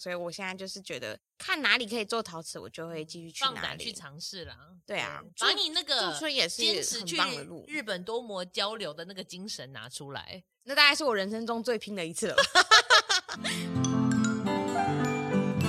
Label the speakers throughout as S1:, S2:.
S1: 所以我現在就是覺得，看哪裡可以做陶瓷，我就會繼續去哪裡放去
S2: 嘗試啦，對啊，所以那個駐村也是堅持去日本多摩交流的那個精神拿出來，
S1: 那大概是我人生中最拼的一次了。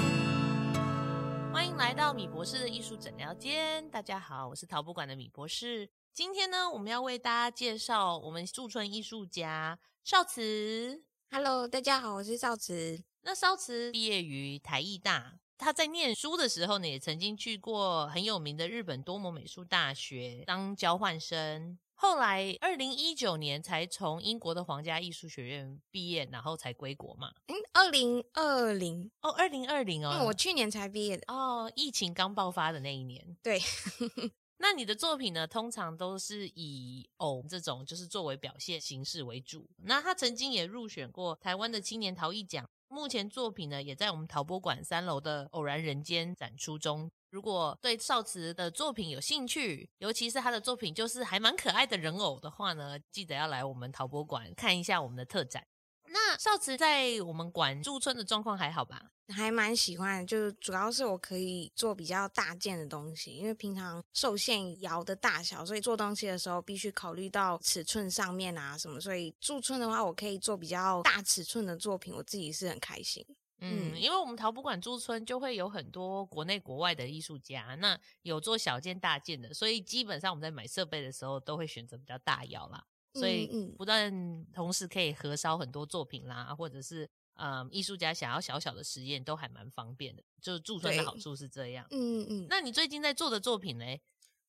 S2: 歡迎來到米博士的藝術診聊間，大家好，我是陶博館的米博士。今天呢，我們要為大家介紹我們駐村藝術家邵慈。Hello，大家好，我是邵慈。那邵慈畢業於台藝大，他在唸書的時候呢，也曾經去過很有名的日本多摩美術大學當交換生。後來二零一九年才從英國的皇家藝術學院畢業，然後才歸國嘛。嗯，二零二零哦，二零二零哦、嗯，我去年才畢業的哦，疫情剛爆發的那一年。對， 那你的作品呢，通常都是以偶這種就是作為表現形式為主。那他曾經也入選過台灣的青年陶藝獎。目前作品呢，也在我們陶博館三樓的偶然人間展出中。如果對邵慈的作品有興趣，尤其是他的作品就是還蠻可愛的人偶的話呢，記得要來我們陶博館看一下我們的特展。那邵慈在我們館駐村的狀況還好吧？
S1: 還蠻喜歡的，就是主要是我可以做比較大件的東西，因為平常受限於窯的大小，所以做東西的時候必須考慮到尺寸上面啊什麼，所以駐村的話，我可以做比較大尺寸的作品，我自己是很開心。嗯，
S2: 因為我們陶博館駐村就會有很多國內國外的藝術家，那有做小件、大件的，所以基本上我們在買設備的時候都會選擇比較大窯啦。所以不斷同時可以合燒很多作品啦，嗯嗯，或者是嗯，藝術家想要小小的實驗都還蠻方便的，就是駐村的好處是這樣。嗯嗯，那你最近在做的作品呢？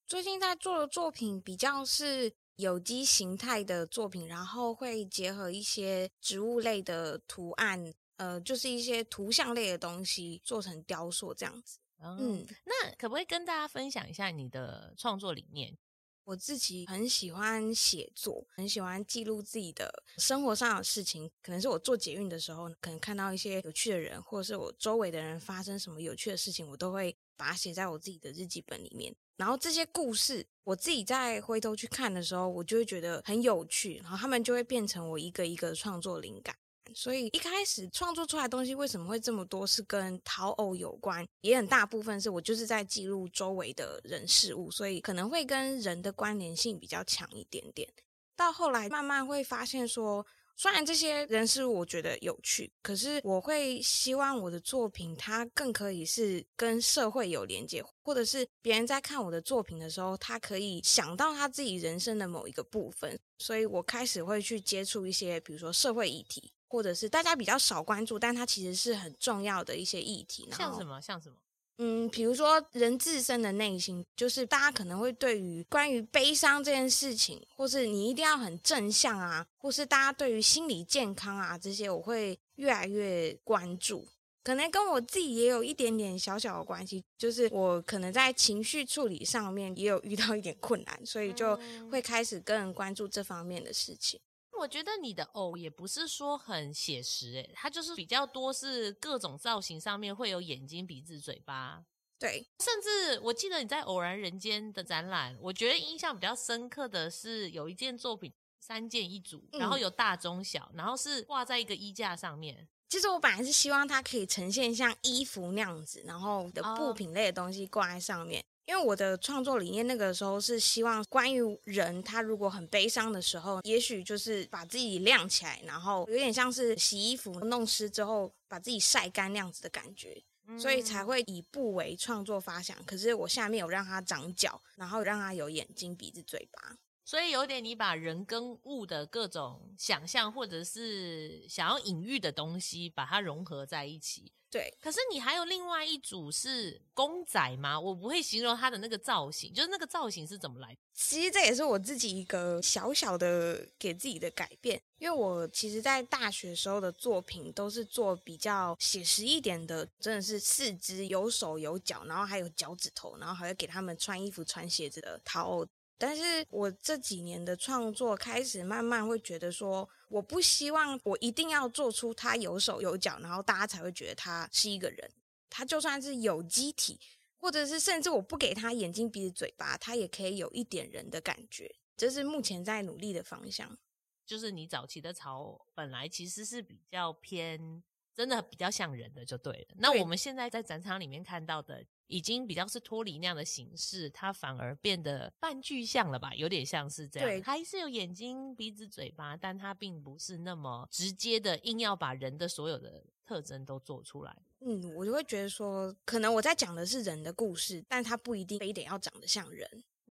S1: 最近在做的作品比較是有機形態的作品，然後會結合一些植物類的圖案，呃，就是一些圖像類的東西做成雕塑這樣子。嗯，嗯，那可不可以跟大家分享一下你的創作理念？我自己很喜歡寫作，很喜歡記錄自己的生活上的事情。可能是我坐捷運的時候，可能看到一些有趣的人，或者是我周圍的人發生什麼有趣的事情，我都會把它寫在我自己的日記本裡面。然後這些故事，我自己再回頭去看的時候，我就會覺得很有趣，然後他們就會變成我一個一個創作靈感。所以一開始創作出來的東西為什麼會這麼多？是跟陶偶有關，也很大部分是我就是在記錄周圍的人事物，所以可能會跟人的關聯性比較強一點點。到後來慢慢會發現說，雖然這些人事物我覺得有趣，可是我會希望我的作品它更可以是跟社會有連接，或者是別人在看我的作品的時候，他可以想到他自己人生的某一個部分。所以我開始會去接觸一些，比如說社會議題。或者是大家比較少關注，但它其實是很重要的一些議題。像什麼？像什麼？嗯，比如說人自身的內心，就是大家可能會對於關於悲傷這件事情，或是你一定要很正向啊，或是大家對於心理健康啊這些，我會越來越關注。可能跟我自己也有一點點小小的關係，就是我可能在情緒處理上面也有遇到一點困難，所以就會開始更關注這方面的事情。
S2: 我覺得你的偶也不是說很寫實，欸，哎，它就是比較多是各種造型上面會有眼睛、鼻子、嘴巴，對。甚至我記得你在偶然人間的展覽，我覺得印象比較深刻的是有一件作品，三件一組，然後有大、中、小，嗯，然後是掛在一個衣架上面。
S1: 其實我本來是希望它可以呈現像衣服那樣子，然後的布品類的東西掛在上面。哦。因為我的創作理念，那個時候是希望關於人，他如果很悲傷的時候，也許就是把自己晾起來，然後有點像是洗衣服弄濕之後，把自己曬乾那樣子的感覺，所以才會以布為創作發想。可是我下面有讓它長腳，然
S2: 後讓它有眼睛、鼻子、嘴巴，所以有點你把人跟物的各種想象，或者是想要隱喻的東西，把它融合在一起。對，可是你還有另外一組是公仔嗎？我不會形容它的那個造型，就是那個造型是怎麼來的？
S1: 其實這也是我自己一個小小的給自己的改變，因為我其實在大學時候的作品都是做比較寫實一點的，真的是四肢有手有腳，然後還有腳趾頭，然後還有給他們穿衣服、穿鞋子的陶偶。但是我這幾年的創作開始慢慢會覺得說，我不希望我一定要做出他有手有腳，然後大家才會覺得他是一個人。他就算是有機體，或者是甚至我不給他眼睛鼻子嘴巴，他也可以有一點人的感覺。這是目前在努力的方向。
S2: 就是你早期的陶本來其實是比較偏，真的比較像人的就對了。對。那我們現在在展場裡面看到的。已經比較是脫離那樣的形式，它反而變得半具象了吧？有點像是這樣，對，還是有眼睛、鼻子、嘴巴，但它並不是那麼直接的，硬要把人的所有的特徵都做出來。
S1: 嗯，我就會覺得說，可能我在講的是人的故事，但它不一定非得要長得像人。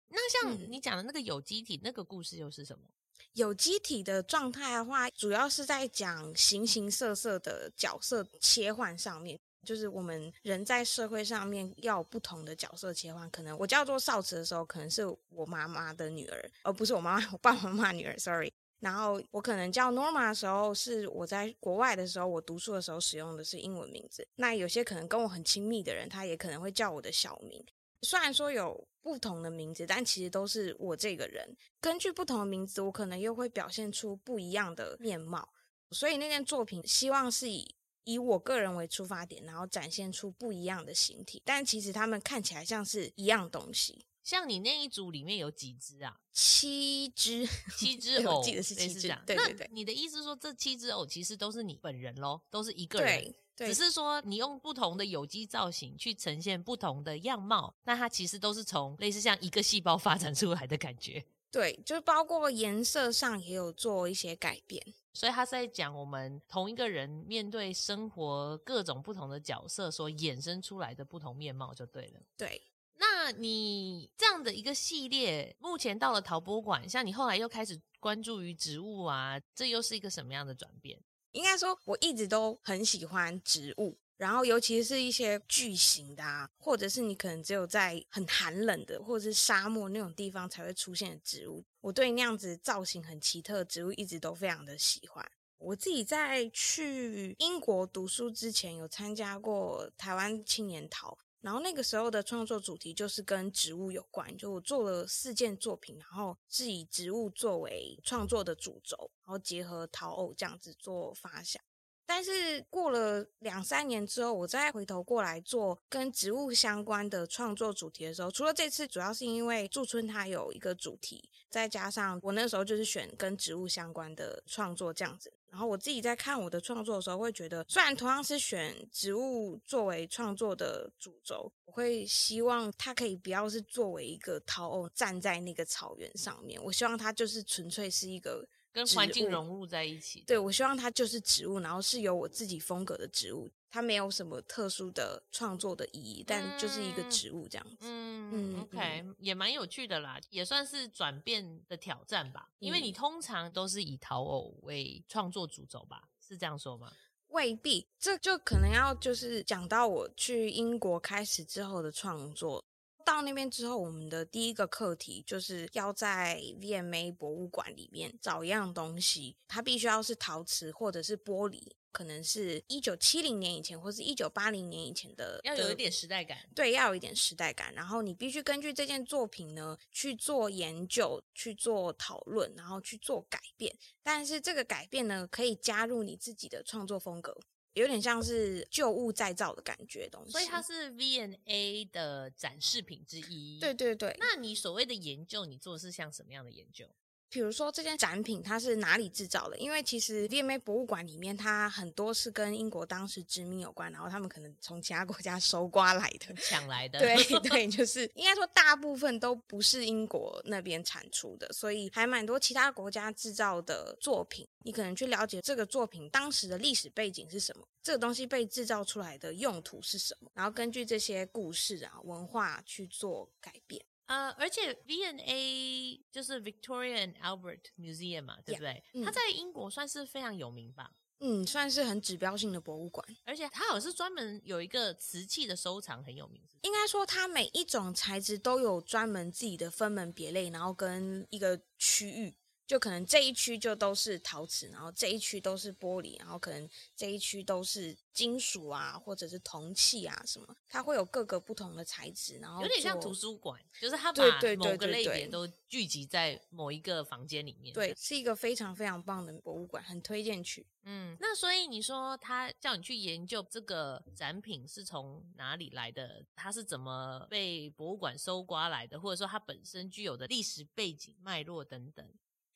S2: 那像你講的那個有機體，嗯，那個故事又是什麼？
S1: 有機體的狀態的話，主要是在講形形色色的角色切換上面。就是我們人在社會上面要有不同的角色切換。可能我叫做邵慈的時候，可能是我媽媽的女兒，而、哦、不是我媽媽、我爸爸媽媽的女兒。Sorry。然後我可能叫 Norma 的時候，是我在國外的時候，我讀書的時候使用的是英文名字。那有些可能跟我很親密的人，他也可能會叫我的小名。雖然說有不同的名字，但其實都是我這個人。根據不同的名字，我可能又會表現出不一樣的面貌。所以那件作品，希望是以。以我個人為出發點，然後展現出不一樣的形體，但其實他們看起來像是一樣東西。
S2: 像你那一組裡面有幾只啊？七隻，七只。 我記得是七只。這樣對對對。那你的意思說，這七只偶其實都是你本人咯，都是一個人。對。對。只是說你用不同的有機造型去呈現不同的樣貌，那它其實都是從類似像一個細胞發展出來的感覺。對，就包括顏色上也有做一些改變。所以他是在講我們同一個人面對生活各種不同的角色所衍生出來的不同面貌就對了。對，那你這樣的一個系列，目前到了陶博館，像你後來又開始關注於植物啊，這又是一個什麼樣的轉變？應
S1: 該說我一直都很喜歡植物，然後尤其是一些巨型的，啊，或者是你可能只有在很寒冷的或者是沙漠那種地方才會出現的植物。我對那樣子造型很奇特，植物一直都非常的喜歡。我自己在去英國讀書之前，有參加過台灣青年陶，然後那個時候的創作主題就是跟植物有關，就我做了四件作品，然後是以植物作為創作的主軸，然後結合陶偶這樣子做發想。但是過了兩三年之後，我再回頭過來做跟植物相關的創作主題的時候，除了這次，主要是因為駐村它有一個主題，再加上我那時候就是選跟植物相關的創作這樣子。然後我自己在看我的創作的時候，會覺得雖然同樣是選植物作為創作的主軸，我會希望它可以不要是作為一個陶偶站在那個草原上面，我希望它就是純粹是一個。跟環境融入在一起，對我希望它就是植物，然後是有我自己風格的植物，它沒有什麼特殊的創作的意義，但就是一個植物這樣
S2: 子。嗯嗯，嗯，OK，也蠻有趣的啦，也算是轉變的挑戰吧。因為你通常都是以陶偶為創作主軸吧，是這樣說嗎？
S1: 未必，這就可能要就是講到我去英國開始之後的創作。到那邊之後，我們的第一個課題就是要在 VMA 博物館裡面找一樣東西，它必須要是陶瓷或者是玻璃，可能是一九七零年以前或是一九八零年以前的，要有一點時代感。對，要有一點時代感。然後你必須根據這件作品呢去做研究、去做討論，然後去做改變。但是這個改變呢，可以加入你自己的創作風格。有點像是舊物再造的感
S2: 覺，東西。所以它是 V&A 的展示品之一。對對對。那你所謂的研究，你做的是像什麼樣的研究？
S1: 比如說這件展品它是哪裡製造的？因為其實 V&A 博物館裡面它很多是跟英國當時殖民有關，然後他們可能從其他國家收刮來
S2: 的、搶來的 對。對對，
S1: 就是應該說大部分都不是英國那邊產出的，所以還蠻多其他國家製造的作品。你可能去了解這個作品當時的歷史背景是什麼，這個東西被製造出來的用途是什麼，然後根據這些故事啊、文化去做改
S2: 變。呃，而且 V&A 就是 Victoria and Albert Museum 嘛，yeah, 對不對？嗯，它在英國算是非常有名吧？嗯，
S1: 算是很指標性的博物館。
S2: 而且它好像是專門有一個瓷器的收藏很有名，
S1: 應該說它每一種材質都有專門自己的分門別類，然後跟一個區域。就可能這一區就都是陶瓷，然後這一區都是玻璃，然後可能這一區都是金屬啊，或者是銅器啊什麼，它會有各個不同的材質。然後有點像圖書館，就是它把某個類別都
S2: 聚集在某一個房間裡面。對，對，對，對，
S1: 對，是一個非常非常棒的博物館，很推薦去。嗯，
S2: 那所以你說他叫你去研究這個展品是從哪裡來的，它是怎麼被博物館搜刮來的，或者說它本身具有的歷史背景脈絡等等。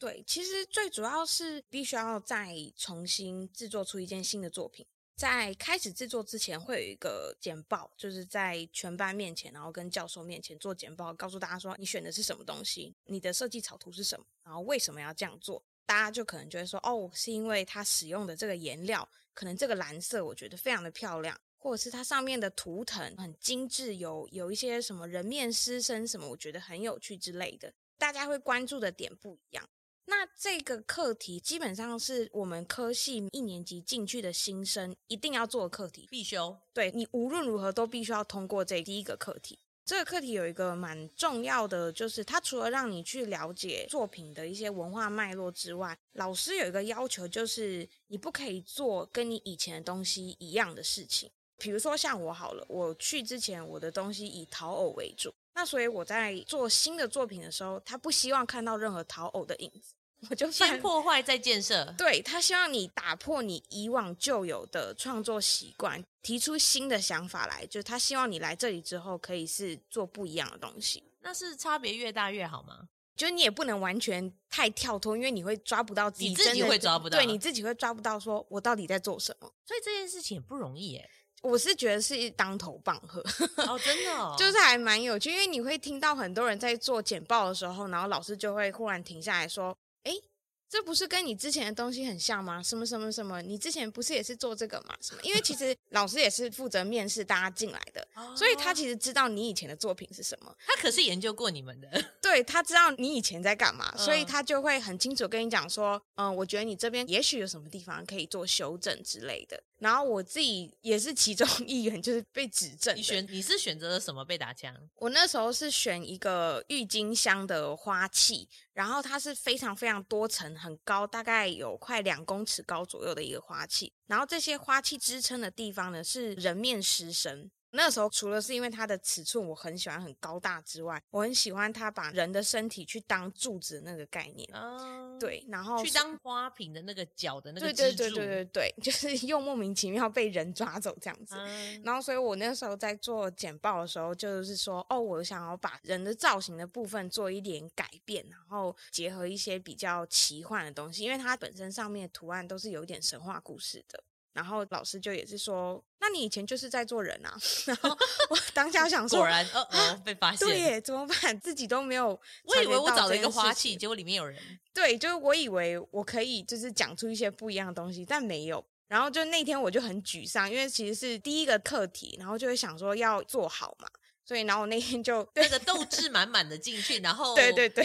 S1: 對，其實最主要是必須要再重新製作出一件新的作品。在開始製作之前，會有一個簡報，就是在全班面前，然後跟教授面前做簡報，告訴大家說你選的是什麼東西，你的設計草圖是什麼，然後為什麼要這樣做。大家就可能覺得說，哦，是因為他使用的這個顏料，可能這個藍色我覺得非常的漂亮，或者是它上面的圖騰很精緻，有有一些什麼人面獅身什麼，我覺得很有趣之類的。大家會關注的點不一樣。那這個課題基本上是我們科系一年級進去的新生一定要做的課題，必修。對，你無論如何都必須要通過這第一個課題。這個課題有一個蠻重要的，就是它除了讓你去了解作品的一些文化脈絡之外，老師有一個要求，就是你不可以做跟你以前的東西一樣的事情。比如說像我好了，我去之前我的東西以陶偶為主，那所以我在做新的作品的時候，他不希望看到任何陶偶的影子，
S2: 我就先破壞再建設。
S1: 對，他希望你打破你以往舊有的創作習慣，提出新的想法來，就是他希望你來這裡之後可以是做不一樣的東西。
S2: 那是差別越大越好嗎？
S1: 就你也不能完全太跳脫，因為你會抓不到自己，你自己會抓不到，對，你自己會抓不到，說我到底在做什麼？
S2: 所以這件事情也不容易欸。
S1: 我是覺得是一當頭棒喝、 oh, 哦，真的哦，就是還蠻有趣，因為你會聽到很多人在做簡報的時候，然後老師就會忽然停下來說：“哎、欸，這不是跟你之前的東西很像嗎？什麼什麼什麼，你之前不是也是做這個嗎？什麼？因為其實老師也是負責面試大家進來的，oh. 所以他其實知道你以前的作品是什麼。
S2: 他可是研究過你們的，
S1: 對，他知道你以前在幹嘛，所以他就會很清楚跟你講說：嗯、呃，我覺得你這邊也許有什麼地方可以做修正之類的。”然後我自己也是其中一員，就
S2: 是被指正。你選，你是選擇了什麼被打槍？
S1: 我那時候是選一個鬱金香的花器，然後它是非常非常多層、很高，大概有快兩公尺高左右的一個花器。然後這些花器支撐的地方呢，是人面獅身。那時候除了是因為它的尺寸我很喜歡很高大之外，我很喜歡它把人的身體去當柱子的那個概念，啊、對，然後去當
S2: 花瓶的那個腳的那個，對對對對對
S1: 對，就是又莫名其妙被人抓走這樣子。啊、然後所以我那時候在做簡報的時候，就是說哦，我想要把人的造型的部分做一點改變，然後結合一些比較奇幻的東西，因為它本身上面的圖案都是有一點神話故事的。然後老師就也是說，那你以前就是在做人
S2: 啊。 然後我當下想說，果然，呃呃、啊哦哦，被發現。對耶，
S1: 怎麼辦？自己都沒有，我以為我找了一個花器，
S2: 結果裡面有人。
S1: 對，就是我以為我可以就是講出一些不一樣的東西，但沒有。然後就那天我就很沮喪，因為其實是第一個課題，然後就會想說要做好嘛。所以，然後我那天就
S2: 對那個鬥志滿滿的進去， 然後對對對，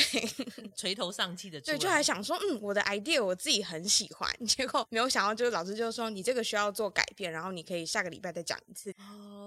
S2: 垂頭喪氣的，對，就還
S1: 想說，嗯，我的 idea 我自己很喜歡，結果沒有想到，就是老師就說你這個需要做改變，然後你可以下個禮拜再講一次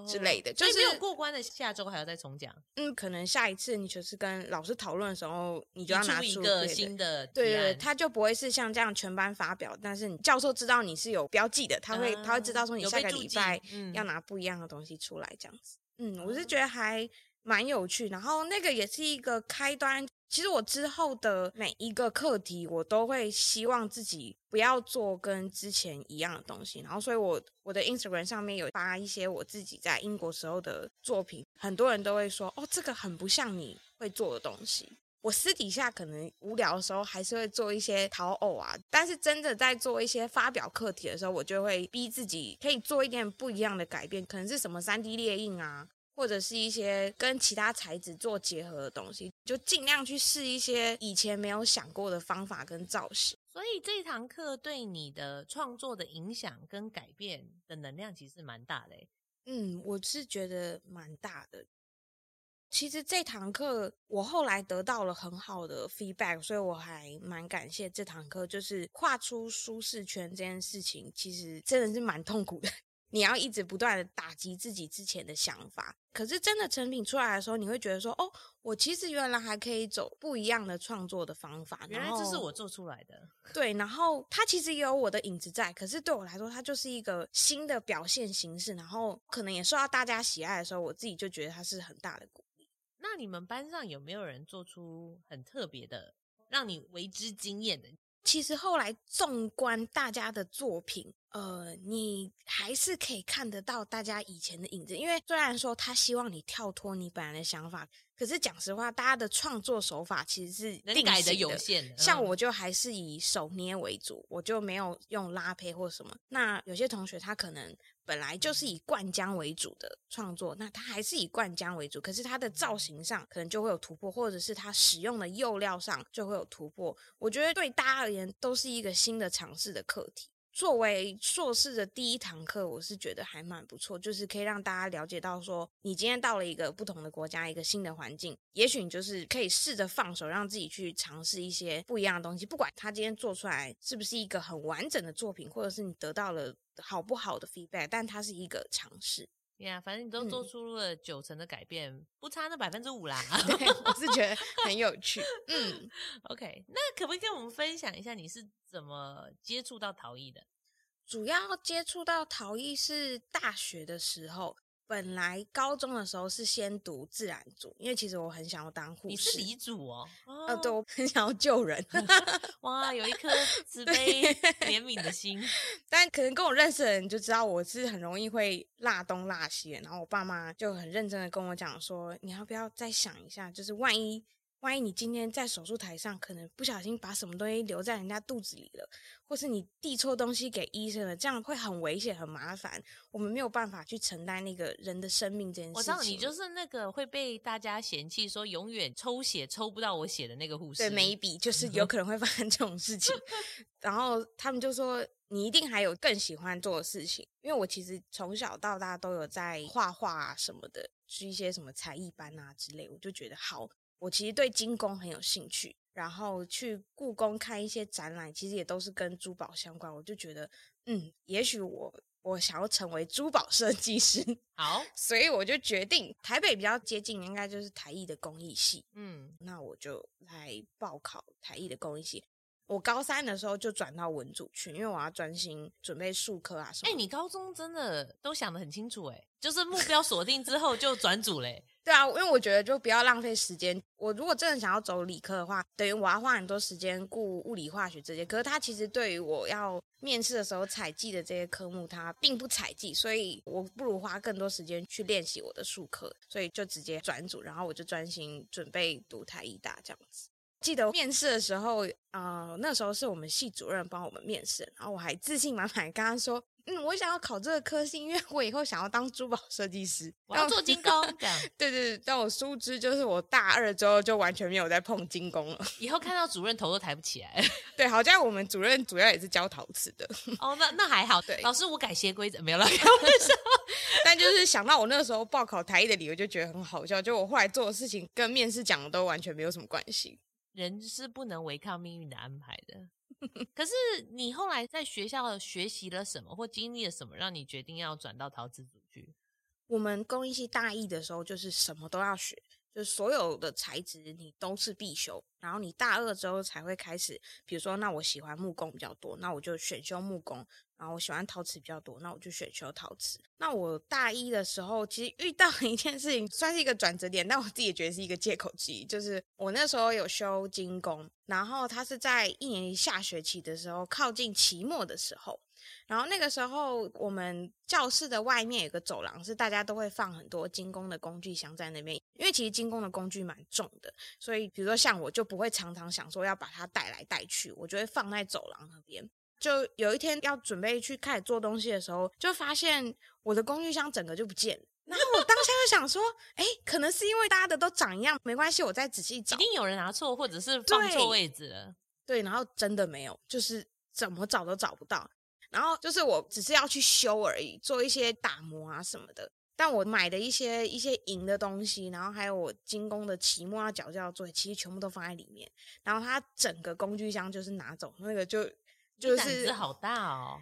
S2: 之類的，哦、就是沒有過關的下周還要再重講。
S1: 嗯，可能下一次你就是跟老師討論的時候，你就要拿出，一，出一個新
S2: 的，對對，
S1: 他就不會是像這樣全班發表，但是你教授知道你是有標記的，他會、嗯、他會知道說你下個禮拜要拿不一樣的東西出來這樣子。嗯，我是覺得還蠻有趣，然後那個也是一個開端。其實我之後的每一個課題，我都會希望自己不要做跟之前一樣的東西。然後，所以我我的 Instagram 上面有發一些我自己在英國時候的作品，很多人都會說：“哦，這個很不像你會做的東西。”我私底下可能無聊的時候還是會做一些陶偶啊，但是真的在做一些發表課題的時候，我就會逼自己可以做一點不一樣的改變，可能是什麼 3D 列印啊，或者是一些跟其他材質做結合的東西，就盡量去試一些以前沒有想過的方法跟造型。
S2: 所以這堂課對你的創作的影響跟改變的能量其實蠻大的欸。
S1: 嗯，我是覺得蠻大的。其實這堂課我後來得到了很好的 feedback，所以我還蠻感謝這堂課。就是跨出舒適圈這件事情，其實真的是蠻痛苦的。 你要一直不斷的打擊自己之前的想法，可是真的成品出來的時候，你會覺得說，哦，我其實原來還可以走不一樣的創作的方法。原來這是我做出來的。對，然後它其實也有我的影子在，可是對我來說，它就是一個新的表現形式。然後可能也受到大家喜愛的時候，我自己就覺得它是很大的鼓。
S2: 那你們班上有沒有人做出很特別的、讓你為之驚豔的？
S1: 其實後來縱觀大家的作品，呃，你還是可以看得到大家以前的影子。因為雖然說他希望你跳脫你本來的想法，可是講實話，大家的創作手法其實是定的，改的有限，嗯，像我就還是以手捏為主，我就沒有用拉胚，或什麼。那有些同學他可能。本來就是以灌漿為主的創作，那它還是以灌漿為主，可是它的造型上可能就會有突破，或者是它使用的釉料上就會有突破。我覺得對大家而言都是一個新的嘗試的課題。作為碩士的第一堂課，我是覺得還蠻不錯，就是可以讓大家了解到說，你今天到了一個不同的國家，一個新的環境，也許你就是可以試着放手，讓自己去嘗試一些不一樣的東西。不管他今天做出來是不是一個很完整的作品，或者是你得到了。好不好的 feedback，但它是一個嘗試。
S2: 對啊，反正你都做出了九成的改變，嗯、不差那百分之五啦。 對，我是覺得很有趣。 嗯，OK，那可不可以跟我們分享一下你是怎麼接觸到陶藝的？主要接觸到陶藝是大學的時候。
S1: 本來高中的時候是先讀自然組，因為其實我很想要當護士。你是理組
S2: 哦，
S1: 呃、哦，對我很想要救人。
S2: 哇，有一顆慈悲對憐憫的心。
S1: 但可能跟我認識的人就知道，我是很容易會落東落西。然後我爸媽就很認真的跟我講說，你要不要再想一下，就是萬一。萬一你今天在手術台上，可能不小心把什麼東西留在人家肚子裡了，或是你遞錯東西給醫生了，這樣會很危險、很麻煩。我們沒有辦法去承擔那個人的生命這件事情。我知道你就是
S2: 那個會被大家嫌棄說，永遠抽血抽不到我血的那個護士。對，Maybe，就是有可
S1: 能會發生這種事情。 然後他們就說，你一定還有更喜歡做的事情，因為我其實從小到大都有在畫畫啊什麼的，是一些什麼才藝班啊之類，我就覺得好。我其實對金工很有興趣，然後去故宮看一些展覽，其實也都是跟珠寶相關。我就覺得，嗯，也許我我想要成為珠寶設計師，好，所以我就決定台北比較接近，應該就是台藝的工藝系。嗯，那我就來報考台藝的工藝系。我高三的時候就轉到文組去，因為我要專心準備術科啊什麼。哎、欸，你高中真的都想得很清楚、欸，
S2: 哎，就是目標鎖定之後就轉組嘞、欸。
S1: 對啊，因為我覺得就不要浪費時間。我如果真的想要走理科的話，等於我要花很多時間顧物理、化學這些。可是他其實對於我要面試的時候採計的這些科目，他並不採計，所以我不如花更多時間去練習我的術科。所以就直接轉組，然後我就專心準備讀台藝大這樣子。記得面試的時候啊、呃，那時候是我們系主任幫我們面試，然後我還自信滿滿跟他說。嗯，我想要考這個科系，因為我以後想要當珠寶設計師，我要做金工。對對對，但我殊知就是我大二之後就完全沒有再碰金工了。以後看到主任頭都抬不起來。 對，好在我們主任主要也是教陶
S2: 瓷的。哦，那那還好。對，老師我改邪歸正。沒有了。 但就是想
S1: 到我那個時候報考台藝的理由，就覺得很好笑。就我後來做的事情跟面試講的都完全沒有什麼關
S2: 係。人是不能違抗命運的安排的。 可是你後來在學校學習了什麼，或經歷了什麼，讓你決定要轉到陶瓷組去？我
S1: 們工藝系大一的時候，就是什麼都要學。就是所有的材質你都是必修，然後你大二之後才會開始。比如說，那我喜歡木工比較多，那我就選修木工；然後我喜歡陶瓷比較多，那我就選修陶瓷。那我大一的時候，其實遇到一件事情，算是一個轉折點，但我自己也覺得是一個借口之一。就是我那時候有修金工，然後他是在一年級下學期的時候，靠近期末的時候。然後那個時候，我們教室的外面有個走廊，是大家都會放很多金工的工具箱在那邊。因為其實金工的工具蠻重的，所以比如說像我就不會常常想說要把它帶來帶去，我就會放在走廊那邊。就有一天要準備去開始做東西的時候，就發現我的工具箱整個就不見了。然後我當下就想說，哎， 可能是因為大家的都長一樣，沒關係，我再仔細找。一定有人拿錯或者是放錯位置了對。對，然後真的沒有，就是怎麼找都找不到。然後就是我只是要去修而已，做一些打磨啊什麼的。但我買的一些一些銀的東西，然後還有我金工的起模啊腳架作業，其實全部都放在裡面。然後它整個工具箱就是拿走那個就
S2: 就是膽子好
S1: 大哦。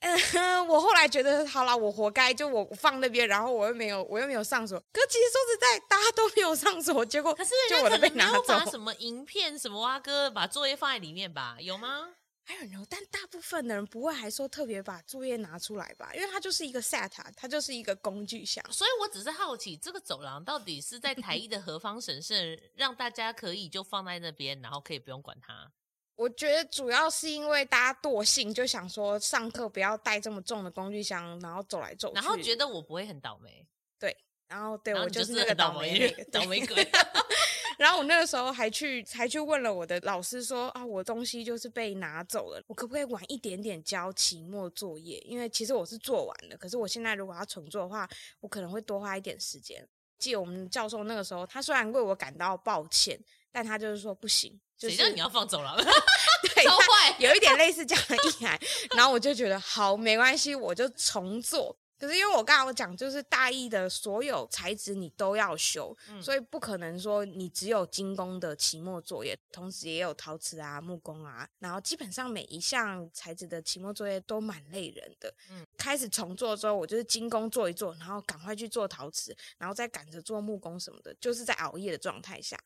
S1: 嗯，我後來覺得好啦，我活該，就我放那邊，然後我又沒有我又沒有上鎖。可是其實說實在，大家都沒有上鎖，結果可是就我都被拿走了。沒有把什
S2: 麼銀片什麼啊，哥把作業放在裡面吧？有嗎？還有，I don't know, 但大部分
S1: 的人不會還說特別把作業拿出來吧，因為它就是一個 set，、啊、它就是一個工具箱。
S2: 所以我只是好奇，這個走廊到底是在台藝的何方神聖， 讓大家可以就放在那邊，然後可以不用管它。
S1: 我覺得主要是因為大家惰性，就想說上課不要帶這麼重的工具箱，然後走來走去。然後覺
S2: 得我不會很倒霉。
S1: 對，對，然後對我就是那個倒霉、那個、倒霉鬼。 然後我那個時候還去還去問了我的老師說，說啊，我東西就是被拿走了，我可不可以晚一點點交期末作業？因為其實我是做完了，可是我現在如果要重做的話，我可能會多花一點時間。記得我們教授那個時候，他雖然為我感到抱歉，但他就是說不行，就是誰叫你要
S2: 放走了， 對，超
S1: 壞，有一點類似這樣的意涵。 然後我就覺得好沒關係，我就重做。可是因為我剛剛我講，就是大一的所有材質你都要修，嗯，所以不可能說你只有金工的期末作業，同時也有陶瓷啊、木工啊，然後基本上每一項材質的期末作業都蠻累人的。嗯，開始重做之後，我就是金工做一做，然後趕快去做陶瓷，然後再趕着做木工什麼的，就是在熬夜的狀態下。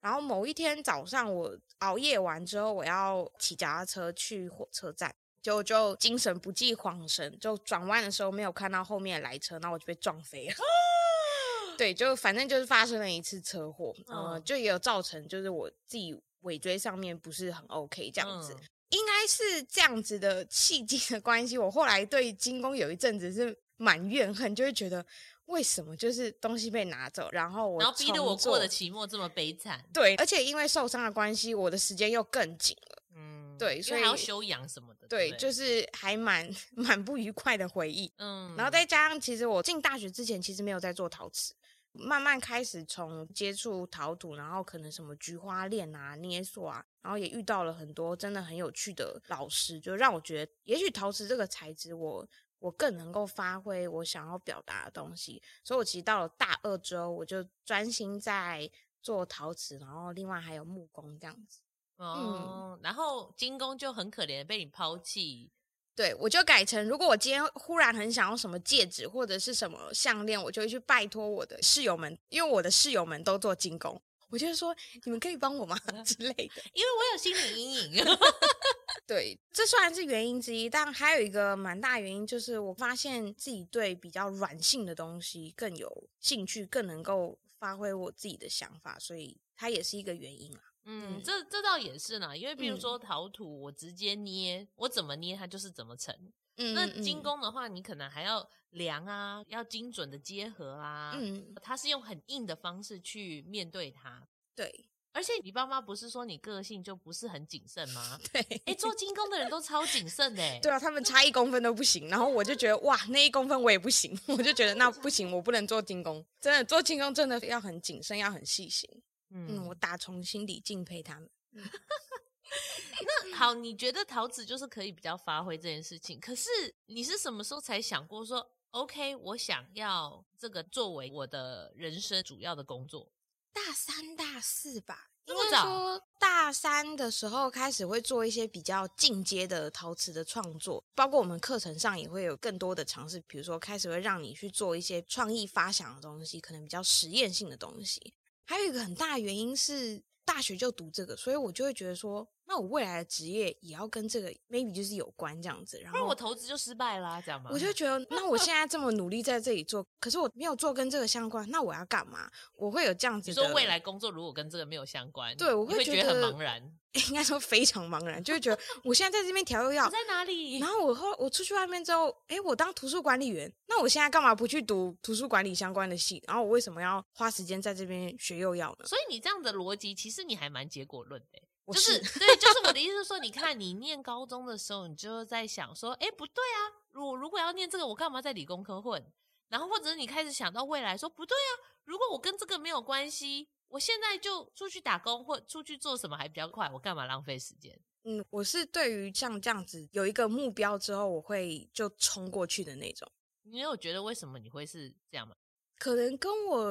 S1: 然後某一天早上我熬夜完之後，我要騎腳踏車去火車站。就就精神不濟，恍神，就轉彎的時候沒有看到後面來車，然後我就被撞飛了。 對，就反正就是發生了一次車禍，嗯，就也有造成就是我自己尾椎上面不是很 OK 這樣子，嗯、應該是這樣子的契機的關係。我後來對金工有一陣子是蠻怨恨，就會覺得為什麼就是東西被拿走，然後我然後逼得我過的期
S2: 末這麼悲慘。對，而且因
S1: 為受傷的關係，我的時間又更緊了。
S2: 嗯，對，所以還要休養什麼的。對，對就
S1: 是還蠻蠻不愉快的回憶，嗯，然後再加上，其實我進大學之前，其實沒有在做陶瓷，慢慢開始從接觸陶土，然後可能什麼菊花鏈啊、捏塑啊，然後也遇到了很多真的很有趣的老師，就讓我覺得，也許陶瓷這個材質我，我我更能夠發揮我想要表達的東西，所以我其實到了大二之後，我就專心在做陶瓷，然後另外還有木工這樣子。
S2: 哦，oh, 嗯、然後金工就很可憐的被你拋棄。
S1: 對我就改成，如果我今天忽然很想要什麼戒指或者是什麼項鏈我就會去拜托我的室友們，因為我的室友們都做金工，我就是說，你們可以幫我嗎之類的？
S2: 因為我有心理陰影。
S1: 對，這雖然是原因之一，但還有一個蠻大原因就是，我發現自己對比較軟性的東西更有興趣，更能夠發揮我自己的想法，所以它也是一個原因啊
S2: 嗯，這這倒也是啦，因為比如說陶土，我直接捏，嗯、我怎麼捏它就是怎麼成。嗯，那金工的話，你可能還要量啊，要精準的結合啊。嗯，他是用很硬的方式去面對它。對，而且你爸媽不是說你個性就不是很謹慎嗎？對，哎、欸，做金工的人都超謹慎哎、欸。
S1: 對啊，他們差一公分都不行。然後我就覺得哇，那一公分我也不行， 我就覺得那不行，我不能做金工。真的，做金工真的要很謹慎，要很細心。嗯，我打從心底敬佩他們。
S2: 嗯、 那好，你覺得陶瓷就是可以比較發揮這件事情。可是你是什麼時候才想過說，OK，我想要這個作為我的人生主要的工作？大三、大四吧。
S1: 應該說大三的時候開始會做一些比較進階的陶瓷的創作，包括我們課程上也會有更多的嘗試，比如說開始會讓你去做一些創意發想的東西，可能比較實驗性的東西。還有一個很大的原因是大學就讀這個，所以我就會覺得說。那我未來的職業也要跟這個 maybe 就是有關這樣
S2: 子，然後我投資就失敗啦，這樣嗎？我就覺得，那我現
S1: 在這麼努力在這裡做，可是我沒有做跟這個相關，那我要幹嘛？我會有這樣子的。你說未來
S2: 工作如果跟這個沒有相關，對，我會覺，會覺得很茫然，
S1: 應該說非常茫然，就會覺得我現在在這邊調釉藥在哪裡？ 然後我後我出去外面之後，誒，我當圖書管理員，那我現在幹嘛不去讀圖書管理相關的系？然後我為什麼要花時間在這邊學釉藥呢？所
S2: 以你這樣的邏輯，其實你還蠻結果論的。我是就是對，就是我的意思是說，說 你看，你念高中的時候，你就在想說，哎、欸，不對啊！如如果要念這個，我幹嘛在理工科混？然後或者是你開始想到未來，說不對啊！如果我跟這個沒有關係，我現在就出去打工或出去做什麼還比較快，我幹嘛浪費時間？
S1: 嗯，我是對於像這樣子有一個目標之後，我會就衝過去的那種。
S2: 你有覺得為什麼你會是這樣嗎？
S1: 可能跟我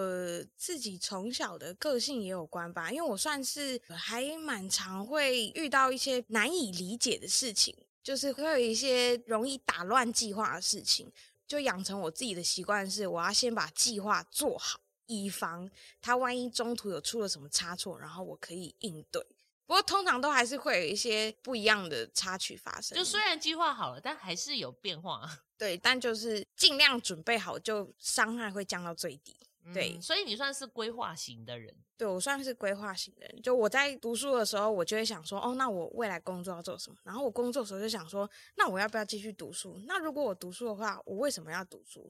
S1: 自己從小的個性也有關吧，因為我算是還蠻常會遇到一些難以理解的事情，就是會有一些容易打亂計劃的事情，就養成我自己的習慣是，我要先把計劃做好，以防他萬一中途有出了什麼差錯，然後我可以應對。不過通常都還是會有一些不一樣的插曲發生，就雖然
S2: 計劃好了，但還是有變化啊。
S1: 對，但就是盡量準備好，就傷害會降到最低。嗯，對，
S2: 所以你算是規劃型的人。
S1: 對，我算是規劃型的人，就我在讀書的時候，我就會想說，哦，那我未來工作要做什麼？然後我工作的時候就想說，那我要不要繼續讀書？那如果我讀書的話，我為什麼要讀書？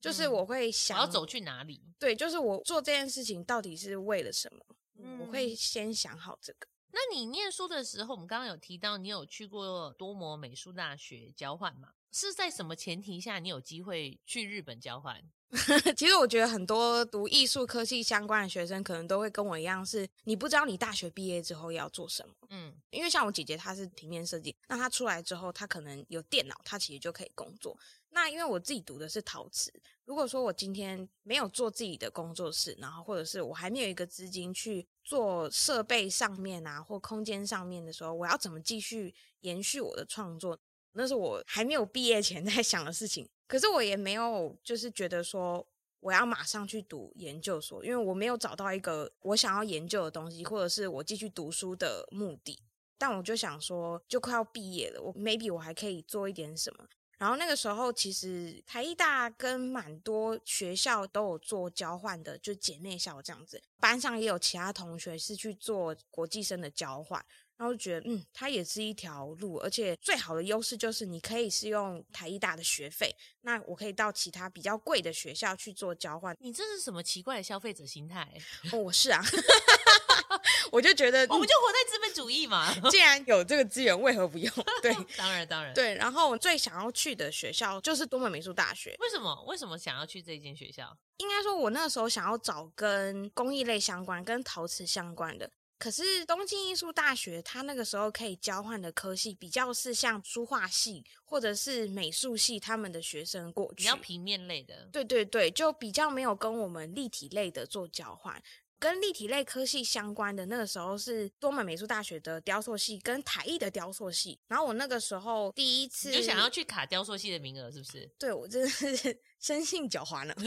S1: 就是我會想，嗯，要走去哪裡？對，就是我做這件事情到底是為了什麼？嗯，我會先想好這個。
S2: 那你念書的時候，我們剛剛有提到你有去過多摩美術大學交換嗎？是在什麼前提下你有機會去日本交換？
S1: 其實我覺得很多讀藝術科系相關的學生，可能都會跟我一樣是，是你不知道你大學畢業之後要做什麼。嗯，因為像我姐姐她是平面設計，那她出來之後，她可能有電腦，她其實就可以工作。那因為我自己讀的是陶瓷，如果說我今天沒有做自己的工作室，然後或者是我還沒有一個資金去。做設備上面啊，或空間上面的時候，我要怎麼繼續延續我的創作？那是我還沒有畢業前在想的事情。可是我也沒有，就是覺得說我要馬上去讀研究所，因為我沒有找到一個我想要研究的東西，或者是我繼續讀書的目的。但我就想說，就快要畢業了，我 maybe 我還可以做一點什麼。然後那個時候，其實台藝大跟蠻多學校都有做交換的，就姐妹校這樣子。班上也有其他同學是去做國際生的交換。然後覺得，嗯，它也是一條路，而且最好的優勢就是你可以是用台藝大的學費，那我可以到其他比較貴的學校去做交換。
S2: 你這是什麼奇怪的消費者心態？哦，我是啊， 我就覺得，我們就活在資本主義嘛。既、嗯、然有這個資源，為何不用？對，當然 當然。當然對，然後
S1: 我最想要去的學校就是多摩美術大學。
S2: 為什麼？為什麼想要去這間學校？應
S1: 該說，我那時候想要找跟工藝類相關、跟陶瓷相關的。可是東京藝術大學，它那個時候可以交換的科系比較是像書畫系或者是美術系他們的學生過去，比較
S2: 平面類的。
S1: 對對對，就比較沒有跟我們立體類的做交換，跟立體類科系相關的那個時候是多摩美術大學的雕塑系跟台藝的雕塑系。然後我那個時候第一次，你就想要
S2: 去卡雕塑系的名額，是不是？
S1: 對，我真的是。生性狡猾呢。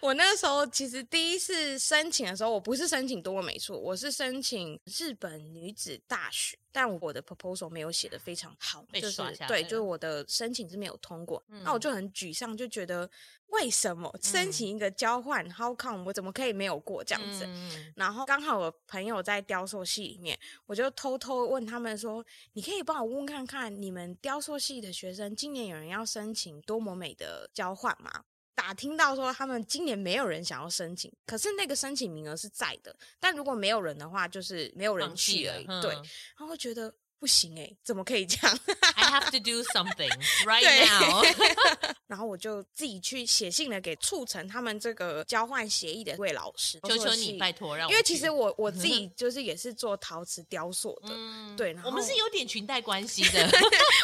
S1: 我那時候其實第一次申請的時候，我不是申請多摩美術，我是申請日本女子大學，但我的 proposal 沒有寫得非常好，沒事、就是、對，就是我的申請是沒有通過。那、嗯、我就很沮喪，就覺得為什麼申請一個交換，how come 我怎麼可以沒有過這樣子？嗯、然後剛好我朋友在雕塑系裡面，我就偷偷問他們說：“你可以幫我問問看看，你們雕塑系的學生今年有人要申請多摩美的？”交換嘛，打聽到說他們今年沒有人想要申請，可是那個申請名額是在的，但如果沒有人的話，就是沒有人去而已。對，然後我覺得。不行哎、欸，怎麼可以這樣 ？I
S2: have to do something right now 。
S1: 然後我就自己去寫信了，給促成他們這個交換協議的魏老師，求求你，拜託讓，讓。我。因為其實我我自己就是也是做陶瓷雕塑的，嗯、對。我們是
S2: 有點裙帶關
S1: 係的 對。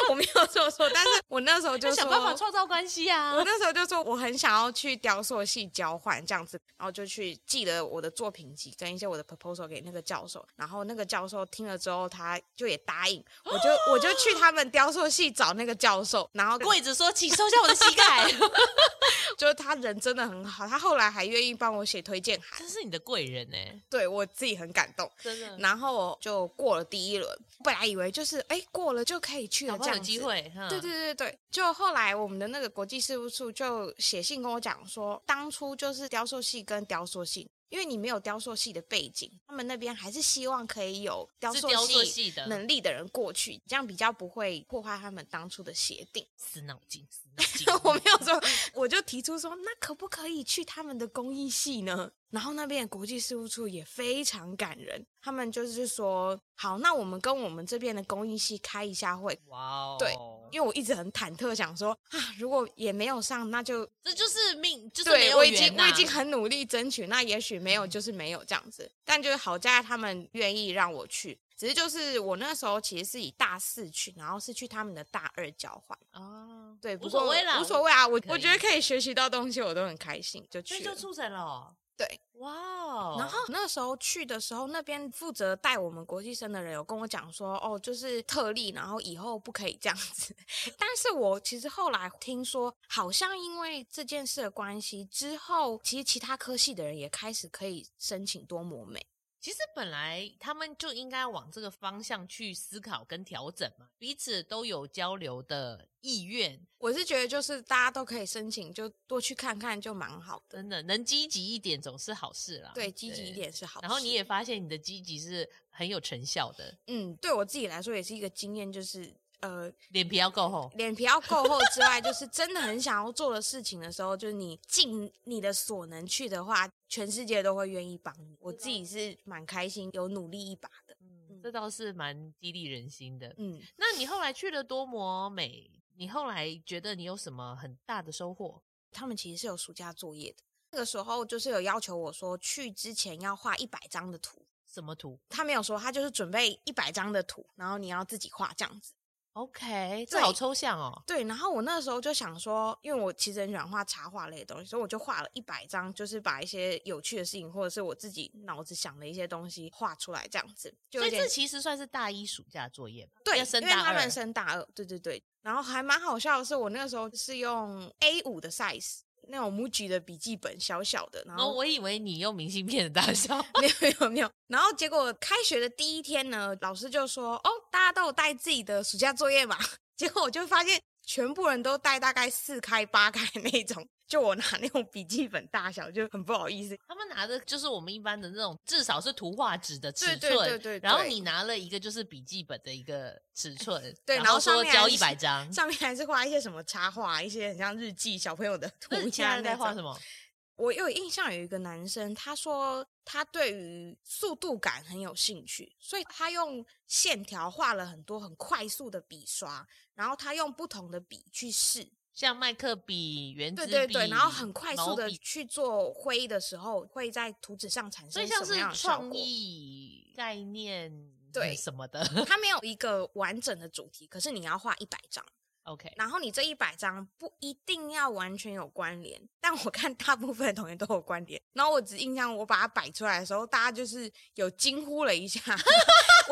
S1: 我沒有做錯，但是我那時候就想辦法創
S2: 造關係啊。我那時候就
S1: 說我很想要去雕塑系交換這樣子，然後就去寄了我的作品集跟一些我的 proposal 給那個，那個教授，然後那個教授聽了之後，他就也答應。我就我就去他們雕塑系找那個教授，然後跪着說：“請收下我的膝蓋。 ” 就是他人真的很好，他後來還願意幫我寫推薦函。這是你的貴人呢、欸？對我自己很感動，真的。然後我就過了第一輪，本來以為就是哎、欸、過了就可以去了，這樣機會對，對對對，就後來我們的那個國際事務處就寫信跟我講說，當初就是雕塑系跟雕塑系。因為你沒有雕塑系的背景，他們那邊還是希望可以有雕塑系的能力的人過去，這樣比較不會破壞他們當初的協定。
S2: 死腦筋，死
S1: 腦筋！ 我沒有說，我就提出說，那可不可以去他們的工藝系呢？然後那邊的國際事務處也非常感人，他們就是說，好，那我們跟我們這邊的公益系開一下會。哇哦 Wow，對，因為我一直很忐忑，想說啊，如果也沒有上，那就
S2: 這就是命，就是沒有緣、啊、對，我已經，已經很
S1: 努力爭取，那也許沒有，嗯、就是沒有這樣子。但就是好在他們願意讓我去，只是就是我那時候其實是以大四去，然後是去他們的大二交
S2: 換、哦、啊。對，無所謂了，無所謂啊，我以我覺得可以
S1: 學習到東西，我都很開心，就去就促
S2: 成了、哦。對，哇哦，Wow, 然後
S1: 那時候去的時候，那邊負責帶我們國際生的人有跟我講說，哦，就是特例，然後以後不可以這樣子。但是我其實後來聽說，好像因為這件事的關係，之後其實其他科系的人也開始可以申請多摩美。
S2: 其實本來他們就應該往這個方向去思考跟調整嘛，彼此都有交流的
S1: 意願。我是覺得，就是大家都可以申請，就多去看看，就蠻好的。
S2: 真的，能積極一點總是好事啦。對，對。積極一點是好事。然後你也發現你的積極是很有成效的。
S1: 嗯，對我自己來說也是一個經驗，就是。呃，臉皮要夠厚，臉皮要夠厚之外，就是真的很想要做的事情的時候， 就是你盡你的所能去的話，全世界都會願意幫你。我自己是蠻開心，有努力一
S2: 把的，嗯，這倒是蠻激勵人心的，嗯。那你後來去了多摩美，你後來覺得你有什麼很大的收穫？他們其實是有暑假作業的，
S1: 那個時候就是有要求我說去之前要畫一百張的圖，什麼圖？他沒有說，他就是準備一百張的圖，然後你要自己畫這樣子。OK，對這好抽象哦。對，然後我那時候就想說，因為我其實很喜歡畫插畫類的東西，所以我就畫了一百張，就是把一些有趣的事情或者是我自己腦子想的一些東西畫出來，這樣子。就所以這其實算是大一暑假作業吧。對，因為他們升大二，對對對。然後還蠻好笑的是，我那個時候是用 A 五的 size。那種 MUJI 的筆記本
S2: 小小的，然後、哦、我以為你用明信片的大小，
S1: 沒有沒有沒有。然後結果開學的第一天呢，老師就說：“哦，大家都有帶自己的暑假作業嘛。”結果我就發現，全部人都帶大概四開八開那種。就我拿那種筆記本大
S2: 小就很不好意思，他們拿的就是我們一般的那種，至少是圖畫紙的尺寸。對對對，對，對。然後你拿了一個就是筆記本的一個尺寸，對。然後說交一百張上，上
S1: 面還是畫一些什麼插畫，一些很像日記小朋友的圖。其他人在，在畫什麼？我有印象有一個男生，他說他對於速度感很有興趣，所以他用線條畫了很多很快速的筆刷，然後他用不
S2: 同的筆去試。像麥克筆、原子筆對,對,對，然後很快速的
S1: 去做會議的時候，會在圖紙上產生什麼的，所以像是創意概念對
S2: 什麼的。它
S1: 沒有一個完整的主題，可是你要畫一百張，OK。然後你這一百張不一定要完全有關聯，但我看大部分同學都有關聯。然後我只印象，我把它擺出來的時候，大家就是有驚呼了一下。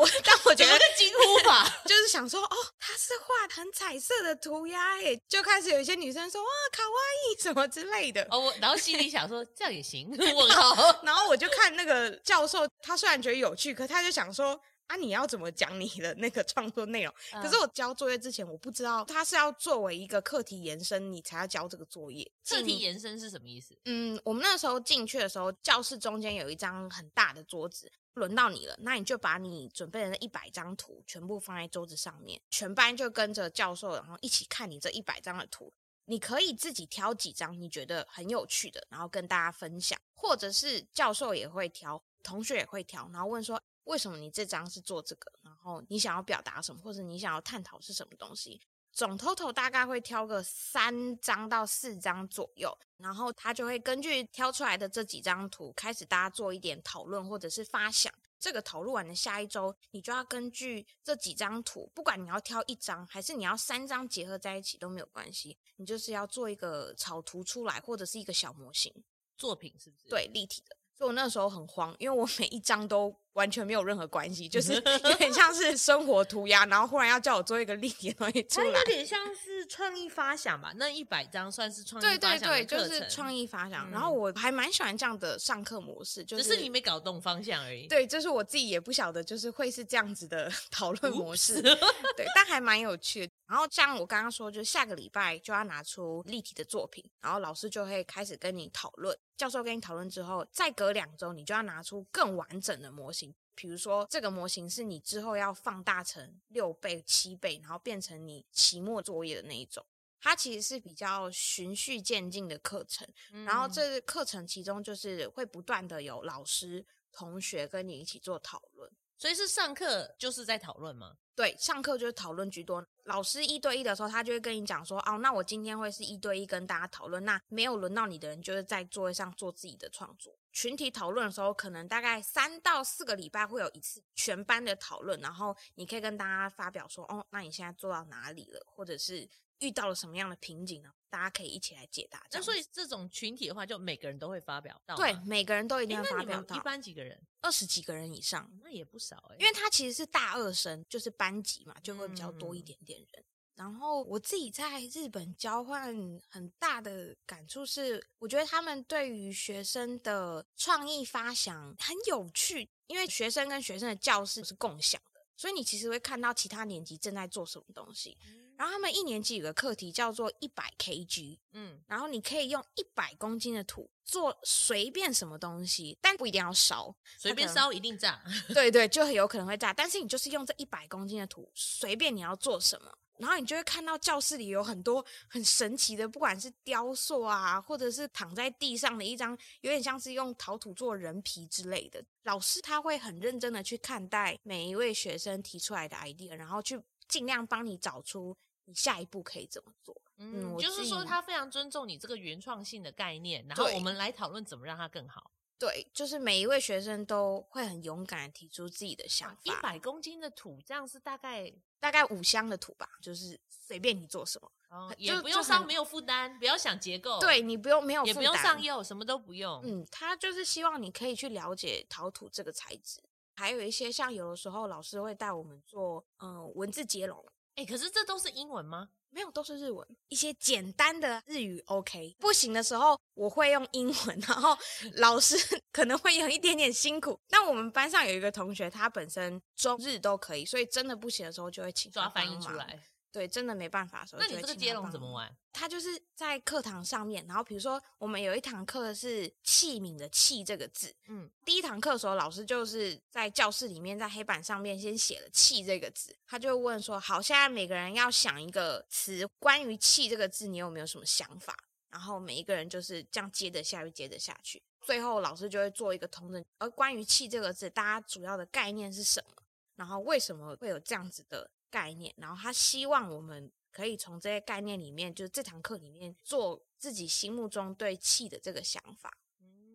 S1: 我但我覺得是驚呼吧，就是想說 哦，他是畫的很彩色的塗鴉耶，就開始有一些女生說哇卡哇伊什麼之類的哦，然後心裡想
S2: 說 這樣也行，我 靠，
S1: 然後我就看那個教授，他雖然覺得有趣，可他就想說啊，你要怎麼講你的那個創作內容？可是我交作業之前我不知道他是要作為一個課題延伸，你才要交這個作業。課題延伸是什麼意思？嗯，嗯，我們那時候進去的時候，教室中間有一張很大的桌子。輪到你了，那你就把你準備的那一百張圖全部放在桌子上面，全班就跟着教授，然後一起看你這一百張的圖。你可以自己挑幾張你覺得很有趣的，然後跟大家分享，或者是教授也會挑，同學也會挑，然後問說為什麼你這張是做這個，然後你想要表達什麼，或者你想要探討是什麼東西。總 total 大概會挑個三張到四張左右，然後他就會根據挑出來的這幾張圖開始大家做一點討論或者是發想。這個討論完的下一週，你就要根據這幾張圖，不管你要挑一張還是你要三張結合在一起都沒有關係，你就是要做一個草圖出來或者是一個小模型
S2: 作品是不是，是對
S1: 立體的。所以我那時候很慌，因為我每一張都。完全沒有任何關
S2: 係，就是有點像是
S1: 生活塗鴉， 然後忽然要叫我做一個立體的東西真的有點
S2: 像是創意發想吧。那一百張算是創意發想，對對對，就是創意發想。嗯、然後我
S1: 還蠻喜歡這樣的上課模式，只、就是、是你沒
S2: 搞懂方向而已。對，
S1: 就是我自己也不曉得，就是會是這樣子的討論模式。不是 對，但還蠻有趣的。然後像我剛剛說，就是、下個禮拜就要拿出立體的作品，然後老師就會開始跟你討論。教授跟你討論之後，再隔兩周你就要拿出更完整的模型。比如說，這個模型是你之後要放大成六倍、七倍，然後變成你期末作業的那一種。它其實是比較循序漸進的課程，嗯、然後這個課程其中就是會不斷的有老師、同學跟你一起做討論，所
S2: 以是上課就是在討論嗎？
S1: 對，上課就是討論居多。老師一對一的時候，他就會跟你講說，哦，那我今天會是一對一跟大家討論。那沒有輪到你的人，就是在座位上做自己的創作。群體討論的時候，可能大概三到四個禮拜會有一次全班的討論，然後你可以跟大家發表說，哦，那你現在做到哪裡了，或者是
S2: 遇到了什麼樣的瓶頸呢？大家可以一起來解答這。那所以這種群體的話，就每個人都會發表到。對，
S1: 每個人都一定要發表到。欸、一般
S2: 幾個人？
S1: 二十幾個人以上，那
S2: 也不少哎、欸。因為
S1: 他其實是大二生，就是班級嘛，就會比較多一點點人。嗯、然後我自己在日本交換，很大的感觸是，我覺得他們對於學生的創意發想很有趣，因為學生跟學生的教室是共享。所以你其實會看到其他年級正在做什麼東西，嗯、然後他們一年級有個課題叫做一百 KG，嗯，然後你可以用一百公斤的土做隨便什麼東西，但不一定要燒，隨便燒一定炸， 對對，就很有可能會炸， 但是你就是用這一百公斤的土，隨便你要做什麼。然後你就會看到教室裡有很多很神奇的，不管是雕塑啊，或者是躺在地上的一張，有點像是用陶土做人皮之類的。老師他會很認真的去看待每一位學生提出來的 idea，然後去盡量幫你找出你下一步
S2: 可以怎麼做。嗯，就是說他非常尊重你這個原創性的概念，然後我們來討論怎麼讓它更好。
S1: 對，就是每一位學生都會很勇敢提出自己的想
S2: 法。一百、啊、公斤的土，這樣是大概、嗯、大概五箱的土吧？就是隨便你做什麼，哦，就也不用上沒有負擔，很不要想結構。對，你不用沒有負擔也不用上釉，什麼都
S1: 不用。嗯，他就是希望你可以去了解陶土這個材質，還有一些像有的時候老師會帶我們做，嗯，文字接龍。
S2: 哎、欸，可是這都是英文嗎？
S1: 沒有，都是日文，一些簡單的日語 OK。不行的時候，我會用英文，然後老師可能會有一點點辛苦。 但我們班上有一個同學，他本身中日都可以，所以真的不行的時候就會請翻譯出來。對，真的沒辦法說。那你們這個接龍怎麼玩？他就是在課堂上面，然後比如說我們有一堂課是“器皿”的“器”這個字。嗯，第一堂課的時候，老師就是在教室裡面，在黑板上面先寫了“器”這個字，他就問說：“好，現在每個人要想一個詞，關於‘器’這個字，你有沒有什麼想法？”然後每一個人就是這樣接着下去，接着下去，最後老師就會做一個統整。而關於“器”這個字，大家主要的概念是什麼？然後為什麼會有這樣子的？概念，然後他希望我們可以從這些概念裡面，就是這堂課裡面做自己心目中對氣的這個想法。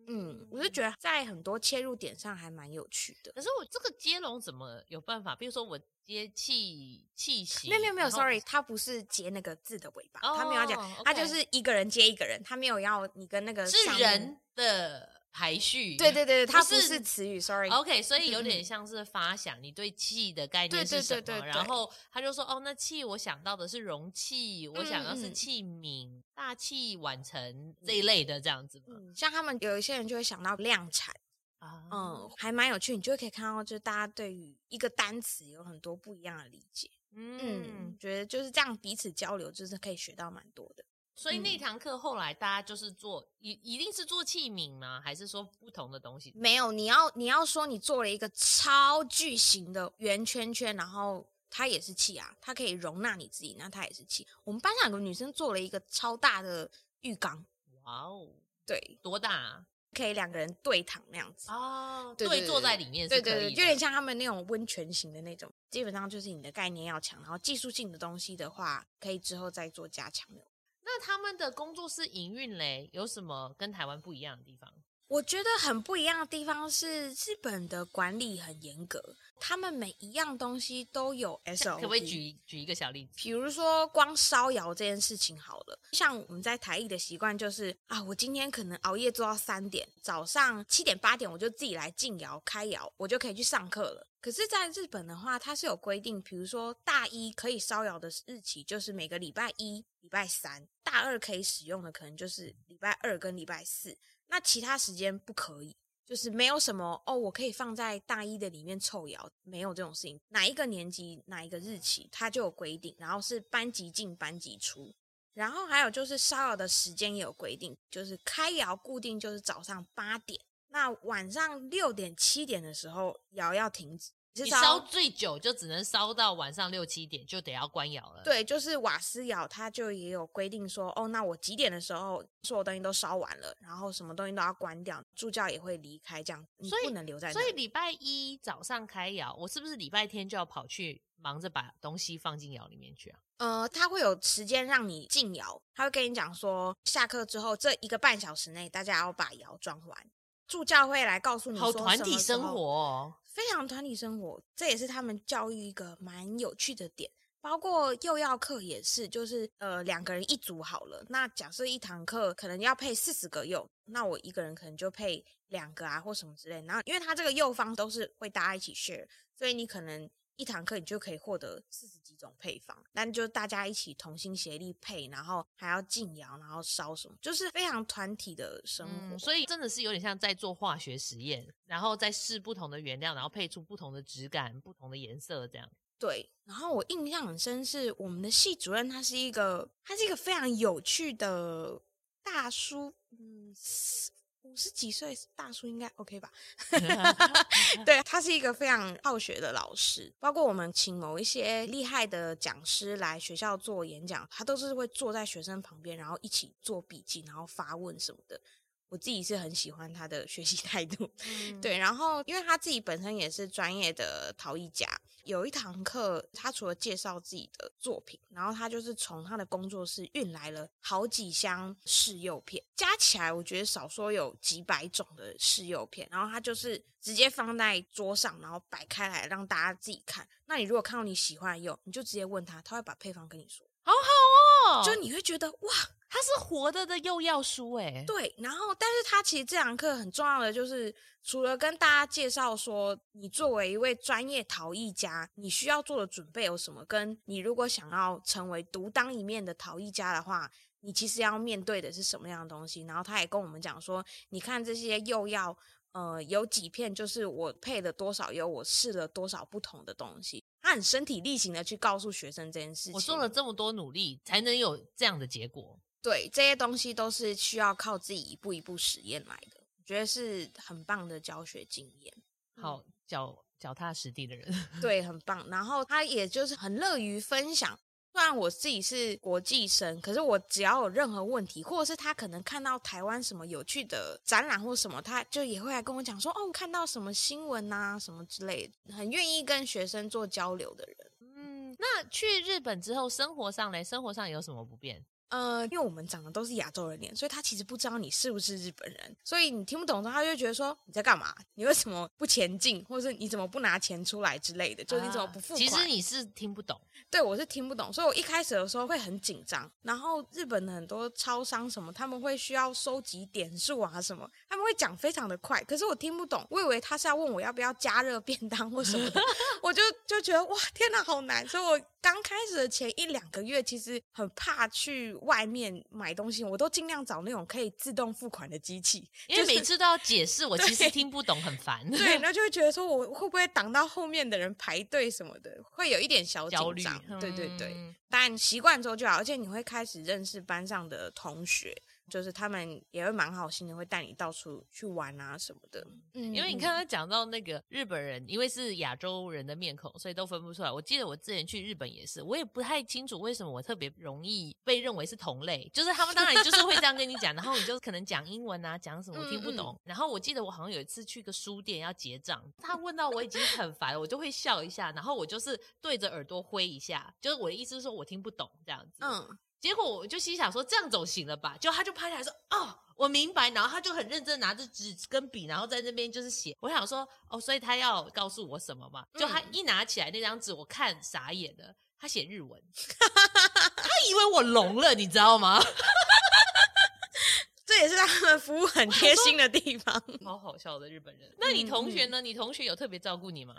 S2: 嗯，
S1: 我就覺得在很多切入點上還蠻有趣的。可是
S2: 我這個接龍怎麼有辦法？比如說我接氣、氣息，沒有後沒有，sorry，
S1: 他不是接那個
S2: 字的尾巴，哦，他沒有要講，okay 他就是
S1: 一個人接一個人，他沒有要你跟那個是人
S2: 的。排序，對對對，它不是詞
S1: 語是，sorry。OK，所以有點
S2: 像是發想。嗯、你對“器”的概念是什麼？然後他就說：“哦，那器我想到的是容器，嗯、我想到的是器皿，大器晚成、嗯、這一類的這樣子嗎、嗯、像他們
S1: 有一些人就會想到量產啊，嗯，
S2: 嗯，
S1: 還蠻有趣。你就會可以看到，就是大家對於一個單詞有很多不一樣的理解。嗯，嗯，覺得就是這樣彼此交流，就是可以學到蠻多的。
S2: 所以那堂課後來大家就是做一、嗯、一定是做器皿嗎？還是說不同的東西？沒有，你
S1: 要你要說你做了一個超巨型的圓圈圈，然後它也是器啊，它可以容納你自己，那它也是器。我們班上有個女生做了一個超大的浴缸。
S2: 哇哦，對，多大
S1: 啊？可以兩個人對躺那樣
S2: 子哦，對，坐在裡面，對對對，有點
S1: 像他們那種溫泉型的那種。基本上就是你的概念要強，然後技術性的東西的話，可以之後
S2: 再做加強的。那他們的工作室營運嘞，有什麼跟台灣不一樣的地方？
S1: 我覺得很不一樣的地方是日本的管理很嚴格，他們每一樣東西都有 SOP。可不可以舉
S2: 舉一個小例子？
S1: 比如說光燒窯這件事情好了，像我們在台藝的習慣就是啊，我今天可能熬夜做到三點，早上七點八點我就自己來進窯開窯，我就可以去上課了。可是，在日本的話，它是有規定，比如說大一可以燒窯的日期就是每個禮拜一、禮拜三；大二可以使用的可能就是禮拜二跟禮拜四。那其他時間不可以，就是沒有什麼哦，我可以放在大一的裡面湊窯，沒有這種事情。哪一個年級哪一個日期，它就有規定，然後是班級進班級出。然後還有就是燒窯的時間也有規定，就是開窯固定就是早上八點，那晚上六點、七點的時候窯要停止。燒
S2: 最久就只能燒到晚上六七點，就得要關窯了。對，
S1: 就是瓦斯窯，它就也有規定說，哦，那我幾點的時候，所有東西都燒完了，然後什麼東西都要關掉，助教也會離開，這樣你不能留在這裡。所以
S2: 禮拜一早上開窯，我是不是禮拜天就要跑去忙着把東西放進窯裡面去啊？
S1: 呃，他會有時間讓你進窯，他會跟你講說，下課之後這一個半小時內，大家要把窯裝完。助教會來告訴你，好團體生活哦，非常團體生活，這也是他們教育一個蠻有趣的點。包括釉藥課也是，就是呃兩個人一組好了。那假設一堂課可能要配四十個釉，那我一個人可能就配兩個啊，或什麼之類的。然後，因為他這個釉方都是會大家一起 share，所以你可能，一堂課你就可以獲得四十幾種配方，但就大家一起同心協力配，然後還要進窯，然後燒什麼，就是非常團體的生活。嗯，所
S2: 以真的是有點像在做化學實驗，然後再試不同的原料，然後配出不同的質感、不同的顏色這樣。
S1: 對。然後我印象很深是，我們的系主任他是一個，他是一個非常有趣的大叔，嗯。五十幾歲大叔應該 OK 吧？ 對，他是一個非常好學的老師，包括我們請某一些厲害的講師來學校做演講，他都是會坐在學生旁邊，然後一起做筆記，然後發問什麼的。我自己是很喜歡他的學習態度，嗯、對。然後，因為他自己本身也是專業的陶藝家。有一堂課，他除了介紹自己的作品，然後他就是從他的工作室運來了好幾箱試釉片，加起來我覺得少說有幾百種的試釉片，然後他就是直接放在桌上，然後擺開來讓大家自己看。那你如果看到你喜歡的釉，你就直接問他，他會把配方跟你說，
S2: 好好
S1: 哦，就你會覺得哇。他是活着的的釉藥書哎，欸，對，然後但是他其實這堂課很重要的就是，除了跟大家介紹說，你作為一位專業陶藝家，你需要做的準備有什麼，跟你如果想要成為獨當一面的陶藝家的話，你其實要面對的是什麼樣的東西。然後他也跟我們講說，你看這些釉藥呃有幾片，就是我配了多少釉，我試了多少不
S2: 同的東西，他很身體力行的去告訴學生這件事情。我做了這麼多努力，才能有這樣的結果。
S1: 對，這些東西都是需要靠自己一步一步實驗來的，我覺得是很棒的教學經驗。嗯、好腳
S2: 腳踏實地的人，
S1: 對，很棒。然後他也就是很樂於分享。雖然我自己是國際生，可是我只要有任何問題，或者是他可能看到台灣什麼有趣的展覽或什麼，他就也會來跟我講說：“哦，看到什麼新聞啊，什麼之類的。”很願意跟學生做交流的人。嗯，那去日本之後生活上嘞，生活上有什麼不便？呃，因為我們長的都是亞洲人臉，所以他其實不知道你是不是日本人，所以你聽不懂的話，他就會覺得說你在幹嘛？你為什麼不前進？或者是你怎麼不拿錢出來之類的？就是你怎麼不付款？啊？其實你是聽不懂，對，我是聽不懂，所以我一開始的時候會很緊張。然後日本的很多超商什麼，他們會需要收集點數啊什麼，他們會講非常的快，可是我聽不懂，我以為他是要問我要不要加熱便當或什麼的， 我就就覺得哇，天哪，啊，好難！所以我剛開始的前一兩個月，其實很怕去。外面買東西，我都盡量找那種可以自動付款的機器，就是、因為每次都要解釋， 對我其實聽
S2: 不懂，很煩。對，然
S1: 後就會覺得說我會不會擋到後面的人排隊什麼的，會有一點小焦慮慮。對對對，嗯、但習慣之後就好，而且你會開始認識班上的同學。就是他們也會蠻好心的，會帶你到處
S2: 去玩啊什麼的。嗯，因為你看他講到那個日本人，因為是亞洲人的面孔，所以都分不出來。我記得我之前去日本也是，我也不太清楚為什麼我特別容易被認為是同類。就是他們當然就是會這樣跟你講， 然後你就可能講英文啊，講什麼我聽不懂。嗯嗯，然後我記得我好像有一次去一個書店要結賬他問到我已經很煩了，我就會笑一下，然後我就是對着耳朵揮一下，就是我的意思是說我聽不懂這樣子。嗯。結果我就心想說這樣總行了吧，就他就拍下來說哦我明白，然後他就很認真拿着紙跟筆，然後在那邊就是寫。我想說哦，所以他要告訴我什麼嘛？嗯、就他一拿起來那張紙，我看傻眼了，他寫日文， 他以為我聾了，你知道嗎？ 這也是讓他們服務很貼心的地方，好好笑的日本人。嗯嗯那你同學呢？你同學有特別照顧你嗎？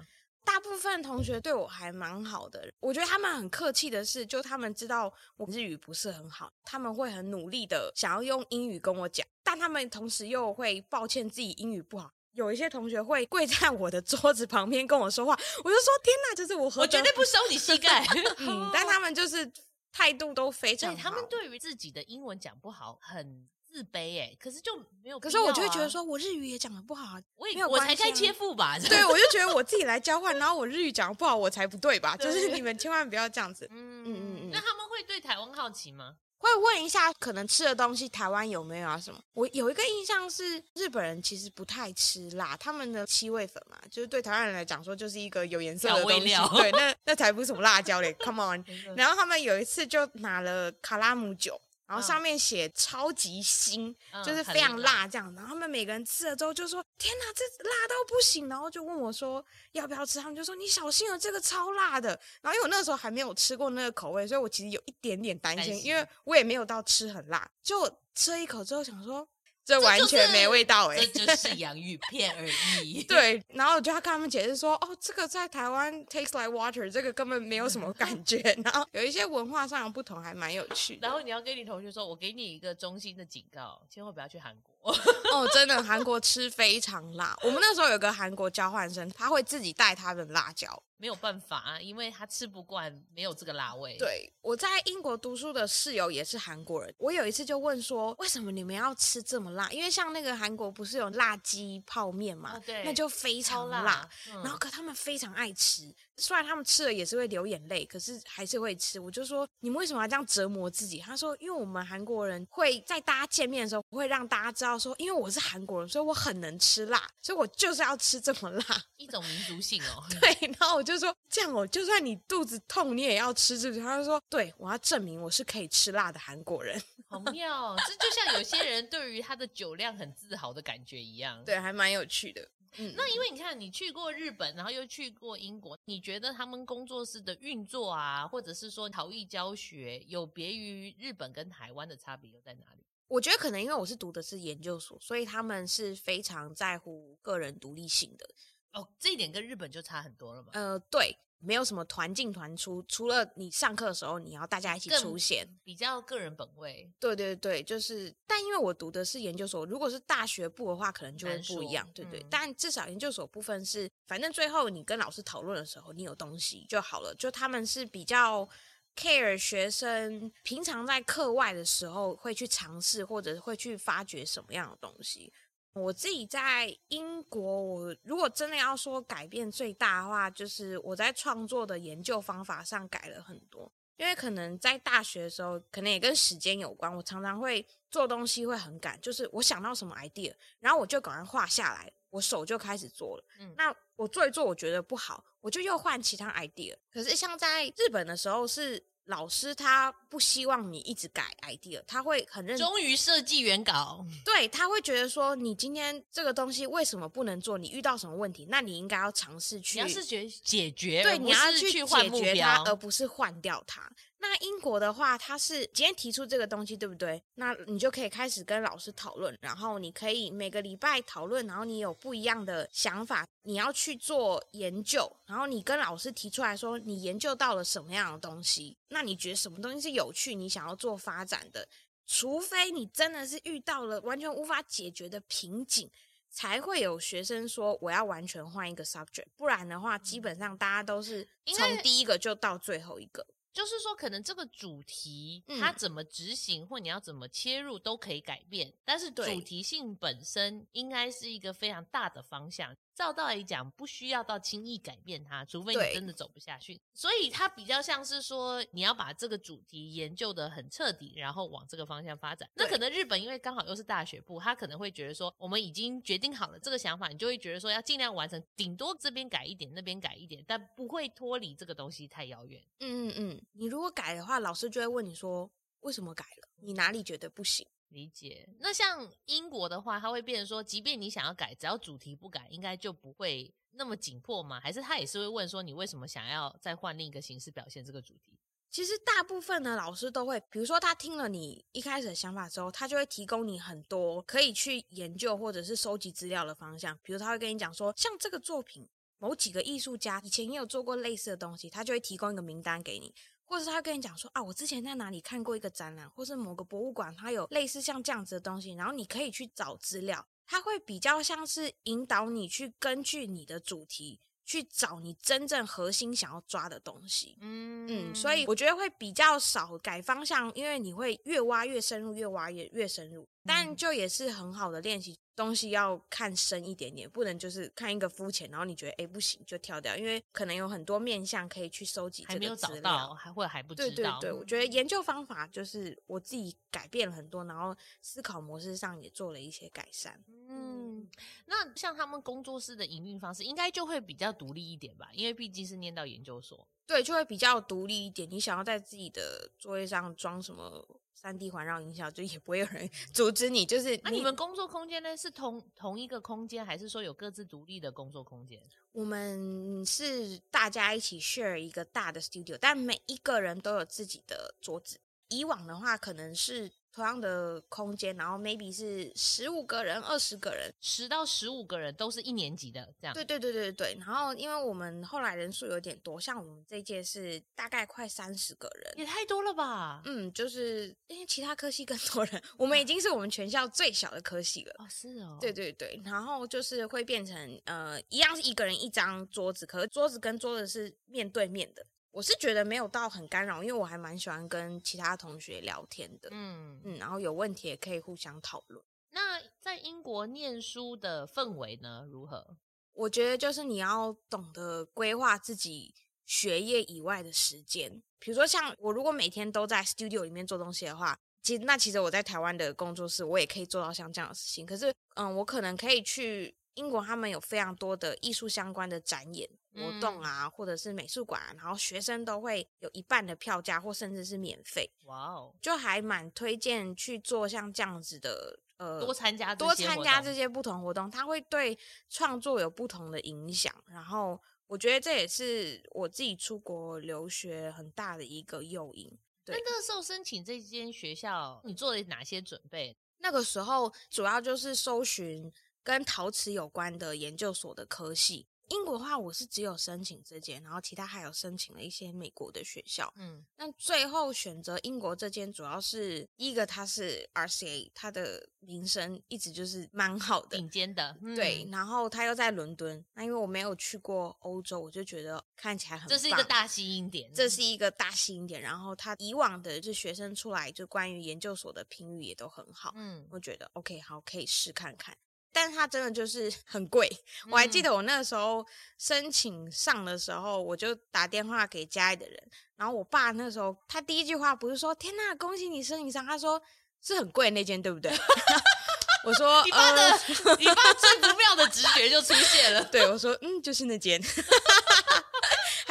S2: 大部分
S1: 同學對我還蠻好的，我覺得他們很客氣的是，就他們知道我日語不是很好，他們會很努力的想要用英語跟我講，但他們同時又會抱歉自己英語不好。有一些同學會跪在我的桌子旁邊跟我說話，我就說：“
S2: 天哪，就是我，我絕對不收你膝蓋。” 嗯，但他們就是態度都非常好。他們對於自己的英文講不好很。自卑哎，可是就沒有。可是我就會覺得說，我日語也講得不好，我也我才該切腹吧？對，我就
S1: 覺得我自己來交換，然後我日語講得不好，我才不對吧？就是你們千萬不要這樣子。嗯嗯嗯嗯。那
S2: 他們會對台灣好奇嗎？
S1: 會問一下可能吃的東西台灣有沒有啊什麼？我有一個印象是日本人其實不太吃辣，他們的七味粉嘛，就是對台灣人來講說就是一個有顏色的東西，對，那那才不是什麼辣椒嘞。Come on，然後他們有一次就拿了卡拉姆酒，然後上面寫超級辛，嗯、就是非常辣這樣。嗯、然後他們每個人吃了之後就說：“天哪，這辣到不行！”然後就問我說：“要不要吃？”他們就說：“你小心哦、啊，這個超辣的。”然後因為我那個時候還沒有吃過那個口味，所以我其實有一點點擔心，因為我也沒有到吃很辣，就吃了一口之後想說。這完全沒味道哎、欸就是，這就是洋芋片而已。 對，然後我就要跟他們解釋說，哦，這個在台灣 tastes like water，這個根本沒有什麼感覺。 然後有一些文化上的不同還蠻有趣。然
S2: 後你要跟你同學說，我給你一個衷心的警告，千萬不要去韓國。
S1: 哦，真的，韓國吃非常辣。我們那時候有個韓國交換生，他會自己帶他的辣椒，
S2: 沒有辦法、啊，因為他吃不慣沒有這個辣味。對，我
S1: 在英國讀書的室友也是韓國人，我有一次就問說，為什麼你們要吃這麼辣？辣，因為像那個韓國不是有辣雞泡面嘛，啊、對那就非常辣，辣嗯、然後可他們非常愛吃。雖然他們吃了也是會流眼淚，可是還是會吃。我就說你們為什麼要這樣折磨自己？他說：因為我們韓國人會在大家見面的時候，不會讓大家知道說，因為我是韓國人，所以我很能吃辣，所以我就是要吃這麼辣。
S2: 一種民族性哦。
S1: 對，然後我就說這樣哦，就算你肚子痛，你也要吃這個。他就說：對，我要證明我是可以吃辣的韓國人。
S2: 好妙哦，這就像有些人對於他的酒量很自豪的感覺一樣。 對，還蠻有趣的。嗯，那因為你看，你去過日本，然後又去過英國，你覺得他們工作室的運作啊，或者是說陶藝教學，有別於日本跟台灣的差別又在哪裡？
S1: 我覺得可能因為我是讀的是研究所，所以他們是非常在乎個人獨立性的哦，這一點跟日本就差很多了嘛。呃，對。沒有什麼團進團出，除了你上課的時候，你要大家一起出現，
S2: 比較個人本位。
S1: 對對對，就是，但因為我讀的是研究所，如果是大學部的話，可
S2: 能就會不一樣，說對對。嗯、
S1: 但至少研究所部分是，反正最後你跟老師討論的時候，你有東西就好了。就他們是比較 care 學生平常在課外的時候會去嘗試或者會去發掘什麼樣的東西。我自己在英國，我如果真的要說改變最大的話，就是我在創作的研究方法上改了很多。因為可能在大學的時候，可能也跟時間有關，我常常會做東西會很趕，就是我想到什麼 idea，然後我就趕快畫下來，我手就開始做了。嗯。那我做一做，我覺得不好，我就又換其他 idea。可是像在日本的時候是。老師他不希望你一
S2: 直改 idea，他會很認真，忠於設計原稿。對，
S1: 他會覺得說，你今天這個東西為什麼不能做？你遇到什麼問題？那你應該要嘗試去你要是
S2: 解決，對，你要去解決它，而
S1: 不是換掉它。那英國的話，他是今天提出這個東西，對不對？那你就可以開始跟老師討論，然後你可以每個禮拜討論，然後你有不一樣的想法，你要去做研究，然後你跟老師提出來說，你研究到了什麼樣的東西，那你覺得什麼東西是有趣，你想要做發展的。除非你真的是遇到了完全無法解決的瓶頸，才會有學生說我要完全換一個 subject。不然的話，基本上大家都是從第一個就到最後一個。
S2: 就是說，可能這個主題它怎麼執行，或你要怎麼切入，都可以改變，但是主題性本身應該是一個非常大的方向。照道理講，不需要到輕易改變它，除非你真的走不下去。對所以它比較像是說，你要把這個主題研究得很徹底，然後往這個方向發展。對那可能日本因為剛好又是大學部，他可能會覺得說，我們已經決定好了這個想法，你就會覺得說要盡量完成，頂多這邊改一點，那邊改一點，但不會脫離這個東西太遙遠。嗯嗯
S1: 嗯，你如果改的話，老師就會問你說，為什
S2: 麼改了？你哪裡覺得不行？理解，那像英國的話，他會變成說，即便你想要改，只要主題不改，應該就不會那麼緊迫嗎？還是他也是會問說，你為什麼想要再換另一個形式表現這個主題？
S1: 其實大部分的老師都會，比如說他聽了你一開始的想法之後，他就會提供你很多可以去研究或者是收集資料的方向。比如他會跟你講說，像這個作品，某幾個藝術家以前也有做過類似的東西，他就會提供一個名單給你。或者他會跟你講說啊，我之前在哪裡看過一個展覽，或是某個博物館，它有類似像這樣子的東西，然後你可以去找資料，它會比較像是引導你去根據你的主題去找你真正核心想要抓的東西。嗯嗯，嗯，所以我覺得會比較少改方向，因為你會越挖越深入，越挖越越深入。但就也是很好的練習，東西要看深一點點，不能就是看一個膚淺，然後你覺得哎、欸、不行就跳掉，因為可能有很多面向可以去收集這個資料。還沒有找到，還會還不知道。對對對，我覺得研究方法就是
S2: 我自己改變了很多，然後思考模式上也做了一些改善。嗯，那像他們工作室的營運方式，應該就會比較獨立一點吧？因為畢竟是念到研究所，對，就會比較獨立一點。你想要在自己的作業上裝什麼？三 D 環繞音效，就也不會有人阻止你。就是，那、啊、你們工作空間呢？是同同一個空間，還是說有各自獨立的工作空間？
S1: 我們是大家一起 share 一個大的 studio，但每一個人都有自己的桌子。以往的話，可能是。同樣的空間，然後 maybe 是十五個人，二十個人，十
S2: 到十五個人都是一年級的這樣。對對
S1: 對對對。然後，因為我們後來人數有點多，像我們這屆是大概快三十個人，也太多了吧？嗯，就是因為其他科系更多人，Yeah. 我們已經是我們全校最小的科系了。哦，oh, 是哦。對對對，然後就是會變成呃，一樣是一個人一張桌子，可是桌子跟桌子是面對面的。我是覺得沒有到很干擾，因為我還蠻喜歡跟其他同學聊天的，嗯嗯，然後有問題也可以互相討論。
S2: 那在英國念書的氛圍呢，如何？
S1: 我覺得就是你要懂得規劃自己學業以外的時間，比如說像我如果每天都在 studio 裡面做東西的話，其實那其實我在台灣的工作室我也可以做到像這樣的事情，可是嗯，我可能可以去英國，他們有非常多的藝術相關的展演。活動啊，或者是美術館啊，然後學生都會有一半的票價，或甚至是免費。哇哦 Wow，就還蠻推薦去做像這樣子的，呃，多參加多參加這些不同活動，它會對創作有不同的影響。然後，我覺得這也是我自己出國留學很大的一個誘因。
S2: 對，那那時候申請這間學校，你做了哪些準備？
S1: 那個時候主要就是搜尋跟陶瓷有關的研究所的科系。英國的話，我是只有申請這間，然後其他還有申請了一些美國的學校。嗯，那最後選擇英國這間，主要是一個它是 RCA，它的名聲一直就是蠻好的，頂尖的。嗯、對，然後他又在倫敦，那因為我沒有去過歐洲，我就覺得看起來很棒，這是一個大吸引點。這是一個大吸引點，然後他以往的就學生出來就關於研究所的評語也都很好。嗯，我覺得 OK，好，可以試看看。但他真的就是很貴，我還記得我那時候申請上的時候，我就打電話給家裡的人，然後我爸那時候他第一句話不是說“天吶，恭喜你申請上”，他說是很貴那間，對不對？ 我說，你爸的， 你爸
S2: 最不妙的直覺就出現了，
S1: 對我說，嗯，就是那間。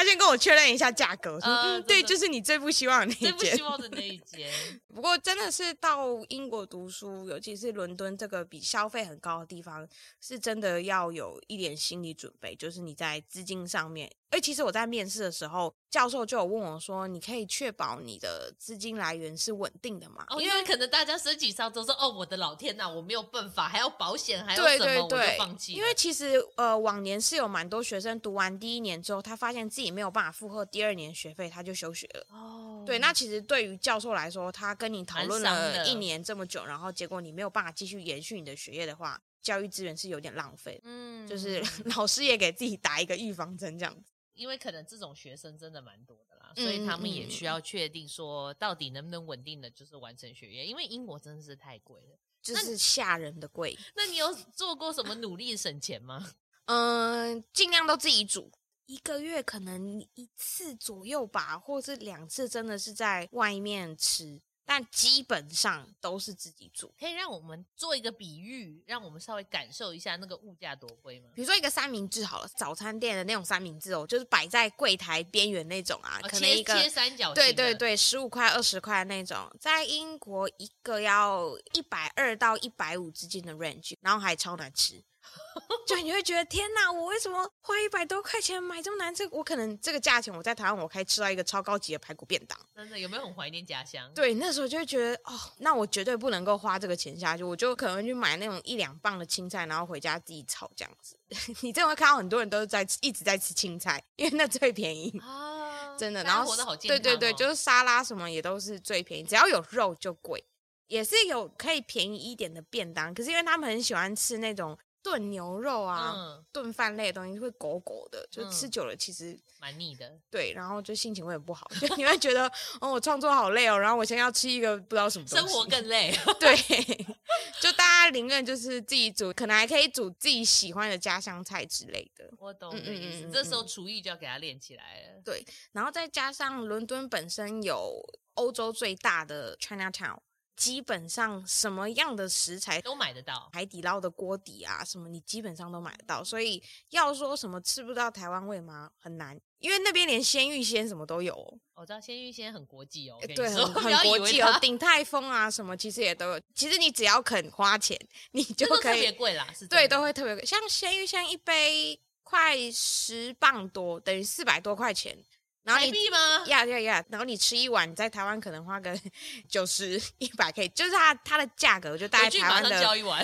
S1: 先跟我確認一下價格。嗯，嗯，真的，對，就是你最不希望的那一間。最不希望的那
S2: 一間。 不
S1: 過，真的是到英國讀書，尤其是倫敦這個比消費很高的地方，是真的要有一點心理準備，就是你在資金上面。哎，其實我在面試的時候，教授就有問我說：“你可以確保你的資金來源是穩定的
S2: 嗎？”哦，因為可能大家身體上都說：“哦，我的老天吶、啊，我沒有辦法，還要保險，還要什麼？”對對對，我就放棄了。因為
S1: 其實呃，往年是有蠻多學生讀完第一年之後，他發現自己沒有辦法負荷第二年學費，他就休學了。哦，
S2: 對，那其
S1: 實對於教授來說，他跟你討論了一年這麼久，然後結果你沒有辦法繼續延續你的學業的話，教育資源是有點浪費。嗯，就是老師也給自己打一個預防針，這樣子。
S2: 因為可能這種學生真的蠻多的啦，嗯，所以他們也需要確定說到底能不能穩定的就是完成學業。嗯，因為英國真的是太貴了，就是嚇人的貴那。那你有做過什麼努力省錢嗎？嗯，
S1: 盡量都自己煮，一個月可能一次左右吧，或是兩次，真的是在外面吃。但基
S2: 本上都是自己煮。可以讓我們做一個比喻，讓我們稍微感受一下那個物價多貴嗎？
S1: 比如說一個三明治好了，早餐店的那種三明治哦，就是擺在櫃台邊緣那種啊，切、哦、一個切、切三角的，對對對，十五塊二十塊的那種，在英國一個要一百二到一百五之間的 range，然後還超難吃。 就你會覺得天哪，我為什麼花一百多塊錢買這麼難吃？我可能這個價錢我在台灣，我可以吃到一個超高級的排骨便當。
S2: 真的有沒有很懷念家鄉？對，
S1: 那時候就會覺得哦，那我絕對不能夠花這個錢下去，我就可能去買那種一兩磅的青菜，然後回家自己炒這樣子。 你真的會看到很多人都是在一直在吃青菜，因為那最便宜哦，真的。然後活得好健康哦？對對對，就是沙拉什麼也都是最便宜，只要有肉就貴，也是有可以便宜一點的便當。可是因為他們很喜歡吃那種。燉牛肉啊，燉飯、嗯、類的東西會狗狗的，嗯、就吃久了其實蠻膩的。對，然後就心情會很不好，就你會覺得 哦，我創作好累哦，然後我現在要吃一個不知道什麼。生活更累。
S2: 對，
S1: 就大家寧願就是自己煮，可能還可以煮自己喜歡的家鄉菜之類的。我懂嗯意、嗯、思、嗯嗯嗯。這時候
S2: 廚藝就要給他練起來了。
S1: 對，然後再加上倫敦本身有歐洲最大的 Chinatown。基本上什麼樣的食材都買得到，海底撈的鍋底啊，什麼你基本上都買得到。所以要說什麼吃不到台灣味嗎？很難，因為那邊連鮮芋仙什麼都有。
S2: 我知道鮮芋仙很國際哦，對，很,很國際哦。鼎
S1: 泰豐啊，什麼其實也都有。其實你只要肯花錢，你就可以。特別貴啦，是。對，都會特別貴。像鮮芋仙一杯快十磅多，等於四百多塊錢。然後你呀呀呀，yeah, yeah, yeah. 然後你吃一碗，在台灣可能花個九十、一百 K，就是它它的價格，就大概台灣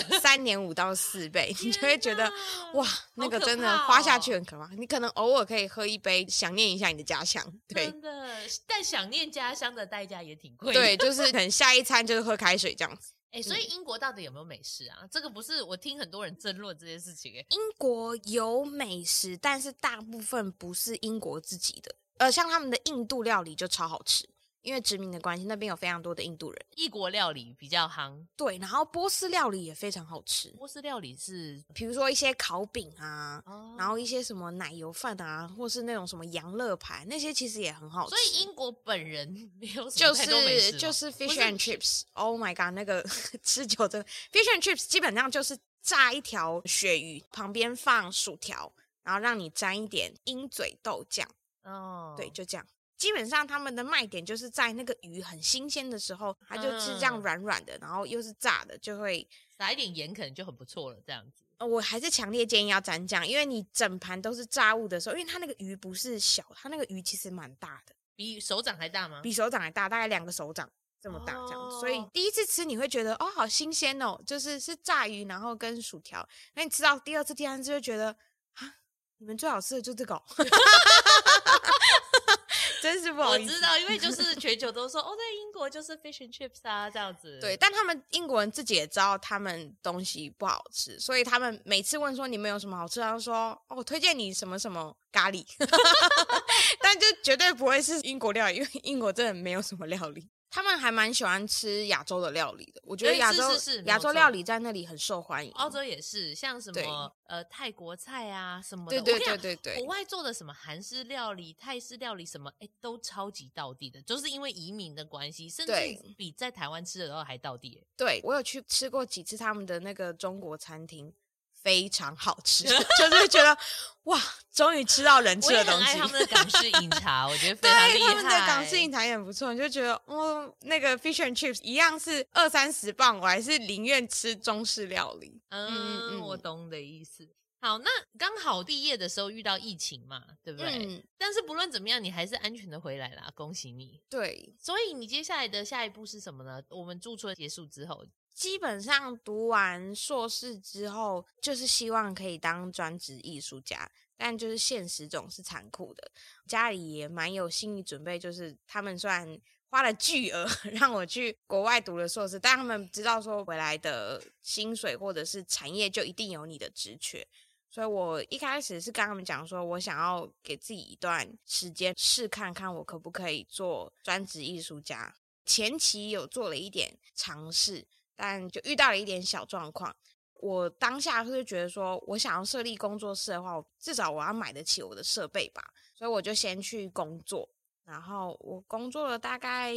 S1: 的三點五到四倍，你就會覺得 哪哇，那個真的、哦、花下去很可怕。你可能偶爾可以喝一杯，想念一下你的家鄉，對。真
S2: 的，但想念家鄉的代價也挺貴的。對，就是可能
S1: 下一餐就是喝開水這樣子。哎
S2: 欸，所以英國到底有沒有美食啊？這個不是我聽很多人爭論這件事情、欸。英
S1: 國有美食，但是大部分不是英國自己的。呃，像他們的印度料理就超好吃，因為殖民的關係，那邊有非常多的印度人。
S2: 異國料理比較夯。
S1: 對，然後波斯料理也非常好吃。波斯料理是，比如說一些烤餅啊，哦、然後一些什麼奶油飯啊，或是那種什麼羊肋排，那些其實也很好吃。所以英
S2: 國本人沒有什麼太多的。就是就是 fish and chips
S1: 是。Oh my god，那個 吃久的、這個、fish and chips 基本上就是炸一條鱈魚，旁邊放薯條，然後讓你沾一點鷹嘴豆醬。哦，oh. 對，就這樣。基本上他們的賣點就是在那個魚很新鮮的時候，它就是這樣軟軟的，然後又是炸的，就會撒一點鹽，可能就很不錯了。這樣子，我還是強烈建議要沾醬，因為你整盤都是炸物的時候，因為它那個魚不是小，它那個魚其實蠻大的，
S2: 比手掌還大嗎？比手
S1: 掌還大，大概兩個手掌這
S2: 麼大這樣。Oh. 所以
S1: 第一次吃你會覺得哦，好新鮮哦，就是是炸魚，然後跟薯條。那你吃到第二次、第三次就覺得。你們最好吃的就這個、哦，
S2: 真是不好意思。我知道，因為就是全球都說 哦，在英國就是 fish and chips 啊這樣子。對，但
S1: 他們英國人自己也知道他們東西不好吃，所以他們每次問說你們有什麼好吃，他說哦，我推薦你什麼什麼咖喱， 但就絕對不會是英國料理，因為英國真的沒有什麼料理。他們還蠻喜歡吃亞洲的料理的，我覺得亞洲、欸、亞洲料理在那裡很受歡迎，澳洲
S2: 也是，像什麼對呃泰國菜啊什麼的，對對對對對，對，國外做的什麼韓式料理、泰式料理什麼，哎、欸，都超級道地的，就是因為移民的關係，甚至比在台灣吃的時候還道地對。
S1: 對，我有去吃過幾次他們的那個中國餐廳。非常好吃，就是覺得 哇，
S2: 終於吃到人吃的東西。我他們的港式飲茶， 我覺得非常厲害。他們的港式
S1: 飲茶也很不錯，就覺得哦、嗯，那個 fish and chips 一樣是二三十磅，我還是寧願吃中式料理。嗯，
S2: 嗯，我懂你的意思。好，那剛好畢業的時候遇到疫情嘛，對不對？嗯。但是不論怎麼樣，你還是安全的回來了，恭喜你。對。所以你接下來的下一步是什麼呢？我們駐村結束之後。基本上讀完碩士之後，就是
S1: 希望可以當專職藝術家，但就是現實總是殘酷的。家裡也蠻有心理準備，就是他們雖然花了巨額讓我去國外讀了碩士，但他們知道說回來的薪水或者是產業就一定有你的職缺，所以我一開始是跟他們講說，我想要給自己一段時間試看看我可不可以做專職藝術家。前期有做了一點嘗試。但就遇到了一點小狀況，我當下是覺得說，我想要設立工作室的話，至少我要買得起我的設備吧，所以我就先去工作。然後我工作了大概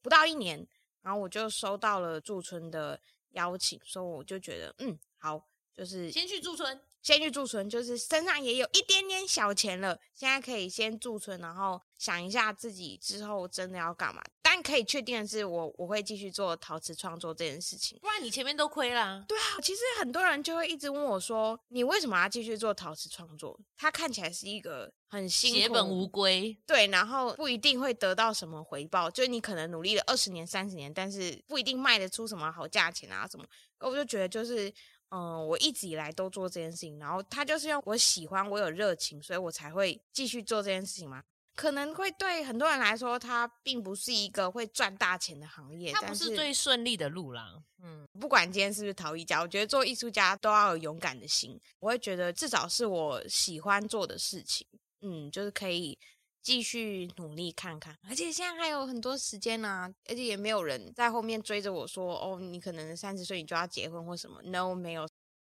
S1: 不到一年，然後我就收到了駐村的邀請，所以我就覺得，嗯，好，就是先去駐村，先去駐村，就是身上也有一點點小錢了，現在可以先駐村，然後想一下自己之後真的要幹嘛。但可以確定的是我，我我會繼續做陶瓷創作這件事情。不然，你前面都虧了。對啊，其實很多人就會一直問我說，你為什麼要繼續做陶瓷創作？它看起來是一個很新，血本無歸，對，然後不一定會得到什麼回報，就是你可能努力了二十年、三十年，但是不一定賣得出什麼好價錢啊什麼。我就覺得就是，嗯、呃，我一直以來都做這件事情，然後他就是用我喜歡，我有熱情，所以我才會繼續做這件事情嘛、啊。可能會對很多人來說，它並不是一個會賺大錢的行業，它不是最順利的路啦。嗯，不管今天是不是陶藝家，我覺得做藝術家都要有勇敢的心。我會覺得至少是我喜歡做的事情，嗯，就是可以繼續努力看看。而且現在還有很多時間呢、啊，而且也沒有人在後面追着我說：“哦，你可能三十歲你就要結婚或什麼。”No，沒有。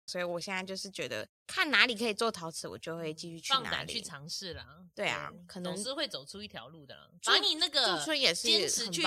S1: 所以我現在就是覺得，看哪裡可以做陶瓷，我就會繼續去哪裡放膽去
S2: 嘗試啦。對
S1: 啊，嗯、可能總是
S2: 會走出一條路的啦。把你那個堅持去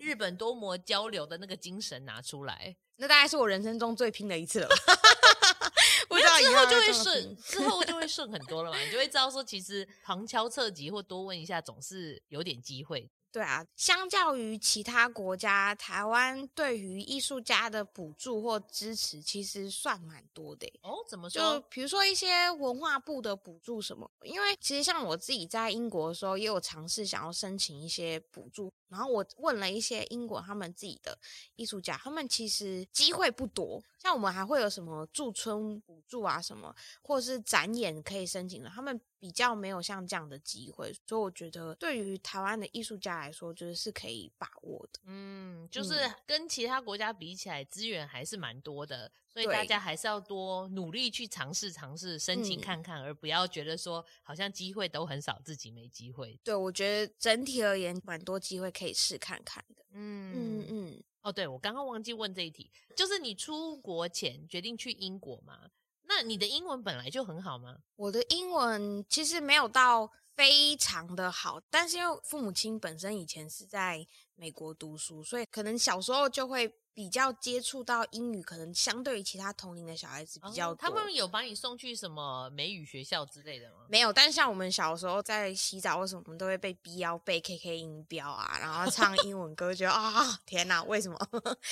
S2: 日本多摩交流的那個精神拿出來，
S1: 那大概是我人生中最拼的一次了吧。哈哈哈哈哈！不知道以後之後就會順，
S2: 之後就會順很多了嘛？ 你就會知道說，其實旁敲側擊或多問一下，總是有點機會。
S1: 對啊，相較於其他國家，台灣對於藝術家的補助或支持其實算蠻多的。哦，怎麼說？就比如說一些文化部的補助什麼，因為其實像我自己在英國的時候，也有嘗試想要申請一些補助，然後我問了一些英國他們自己的藝術家，他們其實機會不多。像我們還會有什麼駐村補助啊，什麼或者是展演可以申請的，他們。比較沒有像這樣的機會，所以我覺得對於台灣的藝術家來說，就是是可以把握的。
S2: 嗯，就是跟其他國家比起來，資源還是蠻多的，所以大家還是要多努力去嘗試嘗試，申請看看，嗯、而不要覺得說好像機會都很少，自己沒機會。
S1: 對，我覺得整體而言，蠻多機會可以試看看的。嗯嗯嗯。哦，對，
S2: 我剛剛忘記問這一題，就是你出國前決定去英國嗎？那你的英文本來就很好嗎？我的
S1: 英文其實沒有到非常的好，但是因為父母親本身以前是在美國讀書，所以可能小時候就會。比較接觸到英語，可能相對於其他同齡的小孩子比較多。哦。他們有
S2: 把你送去什麼美語學校之類的嗎？
S1: 沒有，但像我們小時候在洗澡或什麼，我們都會被逼要背 KK 音標啊，然後唱英文歌就，覺得啊天哪，為什麼？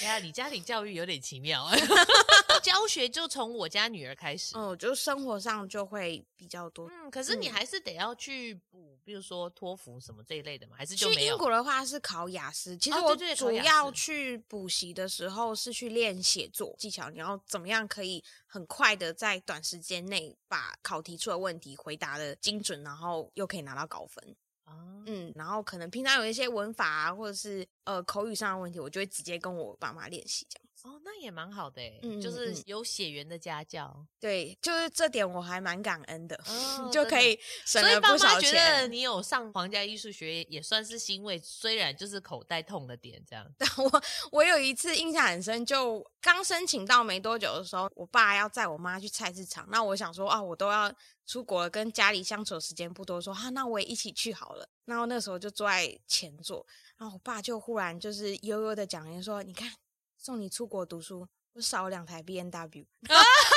S2: 哎呀、啊，你家庭教育有點奇妙。 教學就從我家女兒開始哦。嗯，就生活上就會比較多。嗯，可是你還是得要去補，嗯、比如說托福什麼這一類的嗎？還是就去英國的
S1: 話是考雅思。其實我主要去補習的時候，哦對對對，時候是去練寫作技巧，你要怎麼樣可以很快的在短時間內把考題出的問題回答的精準，然後又可以拿到高分。啊？嗯，然後可能平常有一些文法啊，或者是呃口語上的問題，我就會直接跟我
S2: 爸媽練習這樣。哦，那也蠻好的誒，嗯、就是有血緣的家教，
S1: 對，就是這點我還蠻感恩的，哦、 就可以省了不少錢。所以爸媽覺得你
S2: 有上皇家藝術學也算是欣慰，雖然就是口袋痛了點這樣。但我
S1: 我有一次印象很深，就剛申請到沒多久的時候，我爸要載我媽去菜市場，那我想說啊，我都要出國跟家裡相處的時間不多，說啊，那我也一起去好了。然後那時候就坐在前座，然後我爸就忽然就是悠悠的講，人說你看。送你出國讀書。我少兩台 BNW，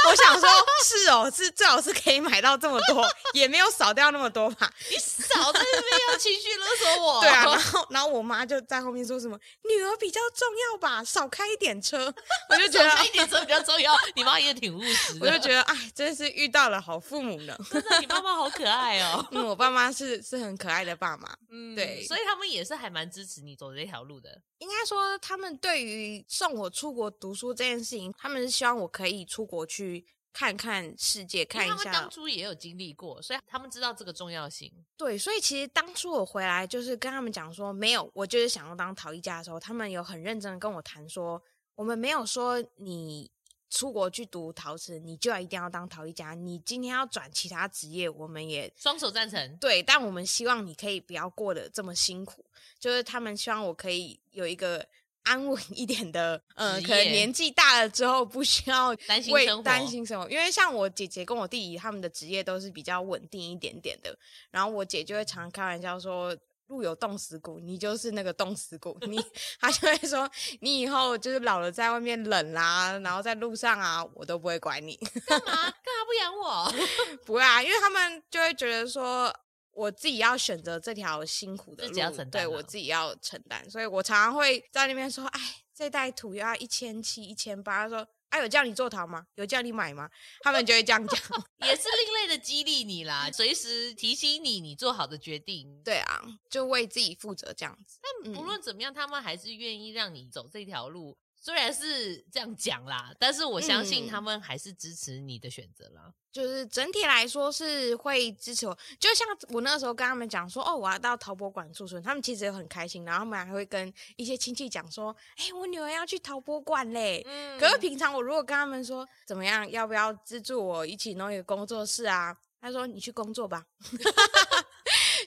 S1: 我想說，是哦，是最好是可以買到這麼多，也沒有少掉那麼多嘛。你少是沒有情緒勒索我。 對啊，然後然後我媽就在後面說什麼，女兒比較重要吧，少開一點車。我就覺得少開一點車比較
S2: 重要。 你媽也挺務實的。我就覺得，
S1: 哎，真的是遇到了好父母呢。真的，你爸媽好可愛哦。因 為、嗯、我爸媽是是很可愛的爸
S2: 媽，嗯。對嗯，所以他們也是還蠻支持你走這條路的。應該說，他們對於
S1: 送我出國讀書這件事。他們是希望我可以出國去看看世界，
S2: 看一下。當初也有經歷過，所以他們知道這個重要性。
S1: 對，所以其實當初我回來就是跟他們講說，沒有，我就是想要當陶藝家的時候，他們有很認真的跟我談說，我們沒有說你出國去讀陶瓷，你就要一定要當陶藝家。你今天要轉其他職業，我們也
S2: 雙手贊成。
S1: 對，但我們希望你可以不要過得這麼辛苦，就是他們希望我可以有一個。安穩一點的，嗯、呃，業可能年紀大了之後不需要擔心生活，擔心什麼，因為像我姐姐跟我弟弟他們的職業都是比較穩定一點點的，然後我姐就會常開玩笑說，路有凍死骨，你就是那個凍死骨，你，她 就會說，你以後就是老了在外面冷啦，啊，然後在路上啊，我都不會管你，幹 嘛，幹嘛不
S2: 養我？
S1: 不會啊，因為他們就會覺得說。我自己要選擇這條辛苦的路，啊、對我自己要承擔，所以我常常會在那邊說：“哎，這袋土要一千七、一千八。”他說：“哎，有叫你做陶嗎？有叫你買嗎？”他們就會這樣講，
S2: 也是另類的激勵你啦，隨 時提醒你你做好的決定。對啊，就為自己負責這樣子。但不論怎麼樣，嗯、他們還是願意讓你走這條路。雖然是這樣講啦，但是我相信他們還是支持你的選擇啦、嗯。
S1: 就是整體來說是會支持我，就像我那時候跟他們講說，哦，我要到陶博館駐村，他們其實也很開心，然後他們還會跟一些親戚講說，哎、欸，我女兒要去陶博館嘞。嗯，可是平常我如果跟他們說怎麼樣，要不要資助我一起弄一個工作室啊？他說你去工作吧。哈哈哈。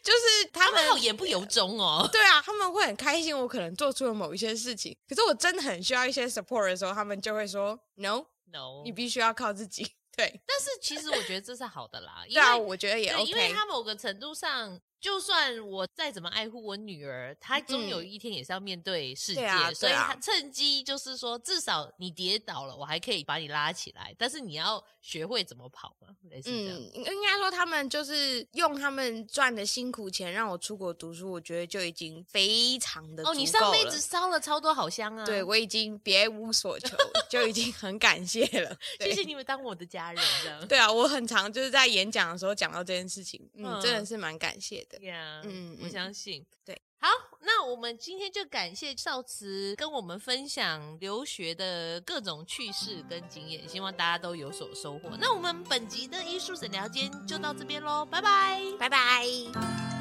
S1: 就是他們,他們好言不由
S2: 衷哦、呃，
S1: 對啊，他們會很開心我可能做出了某一些事情，可是我真的很需要一些 support 的時候，他們就會說 no no，你必須要靠自己。對，但是其
S2: 實我覺得這是好的啦， 為對啊，我覺得也 OK，因為他某個程度上。就算我再怎麼愛護我女兒，嗯、她終有一天也是要面對世界，嗯對啊、所以她趁機就是說，至少你跌倒了，我還可以把你拉起來，但是你要學會怎麼跑嘛，類似這
S1: 樣。嗯，應該說他們就是用他們賺的辛苦錢讓我出國讀書，我覺得就已經非常的哦，你上輩子
S2: 燒了超多好香啊，對我
S1: 已經別無所求， 就已經很感謝了，謝謝你們當我的家人了。對啊，我很常就是在演講的時候講到這件事情，嗯，嗯真的是蠻感謝的。
S2: Yeah, 嗯，嗯，嗯，我相信，對，好，那我們今天就感謝邵慈跟我們分享留學的各種趣事跟經驗，希望大家都有所收穫。那我們本集的藝術診聊間就到這邊嘍，拜拜，拜拜。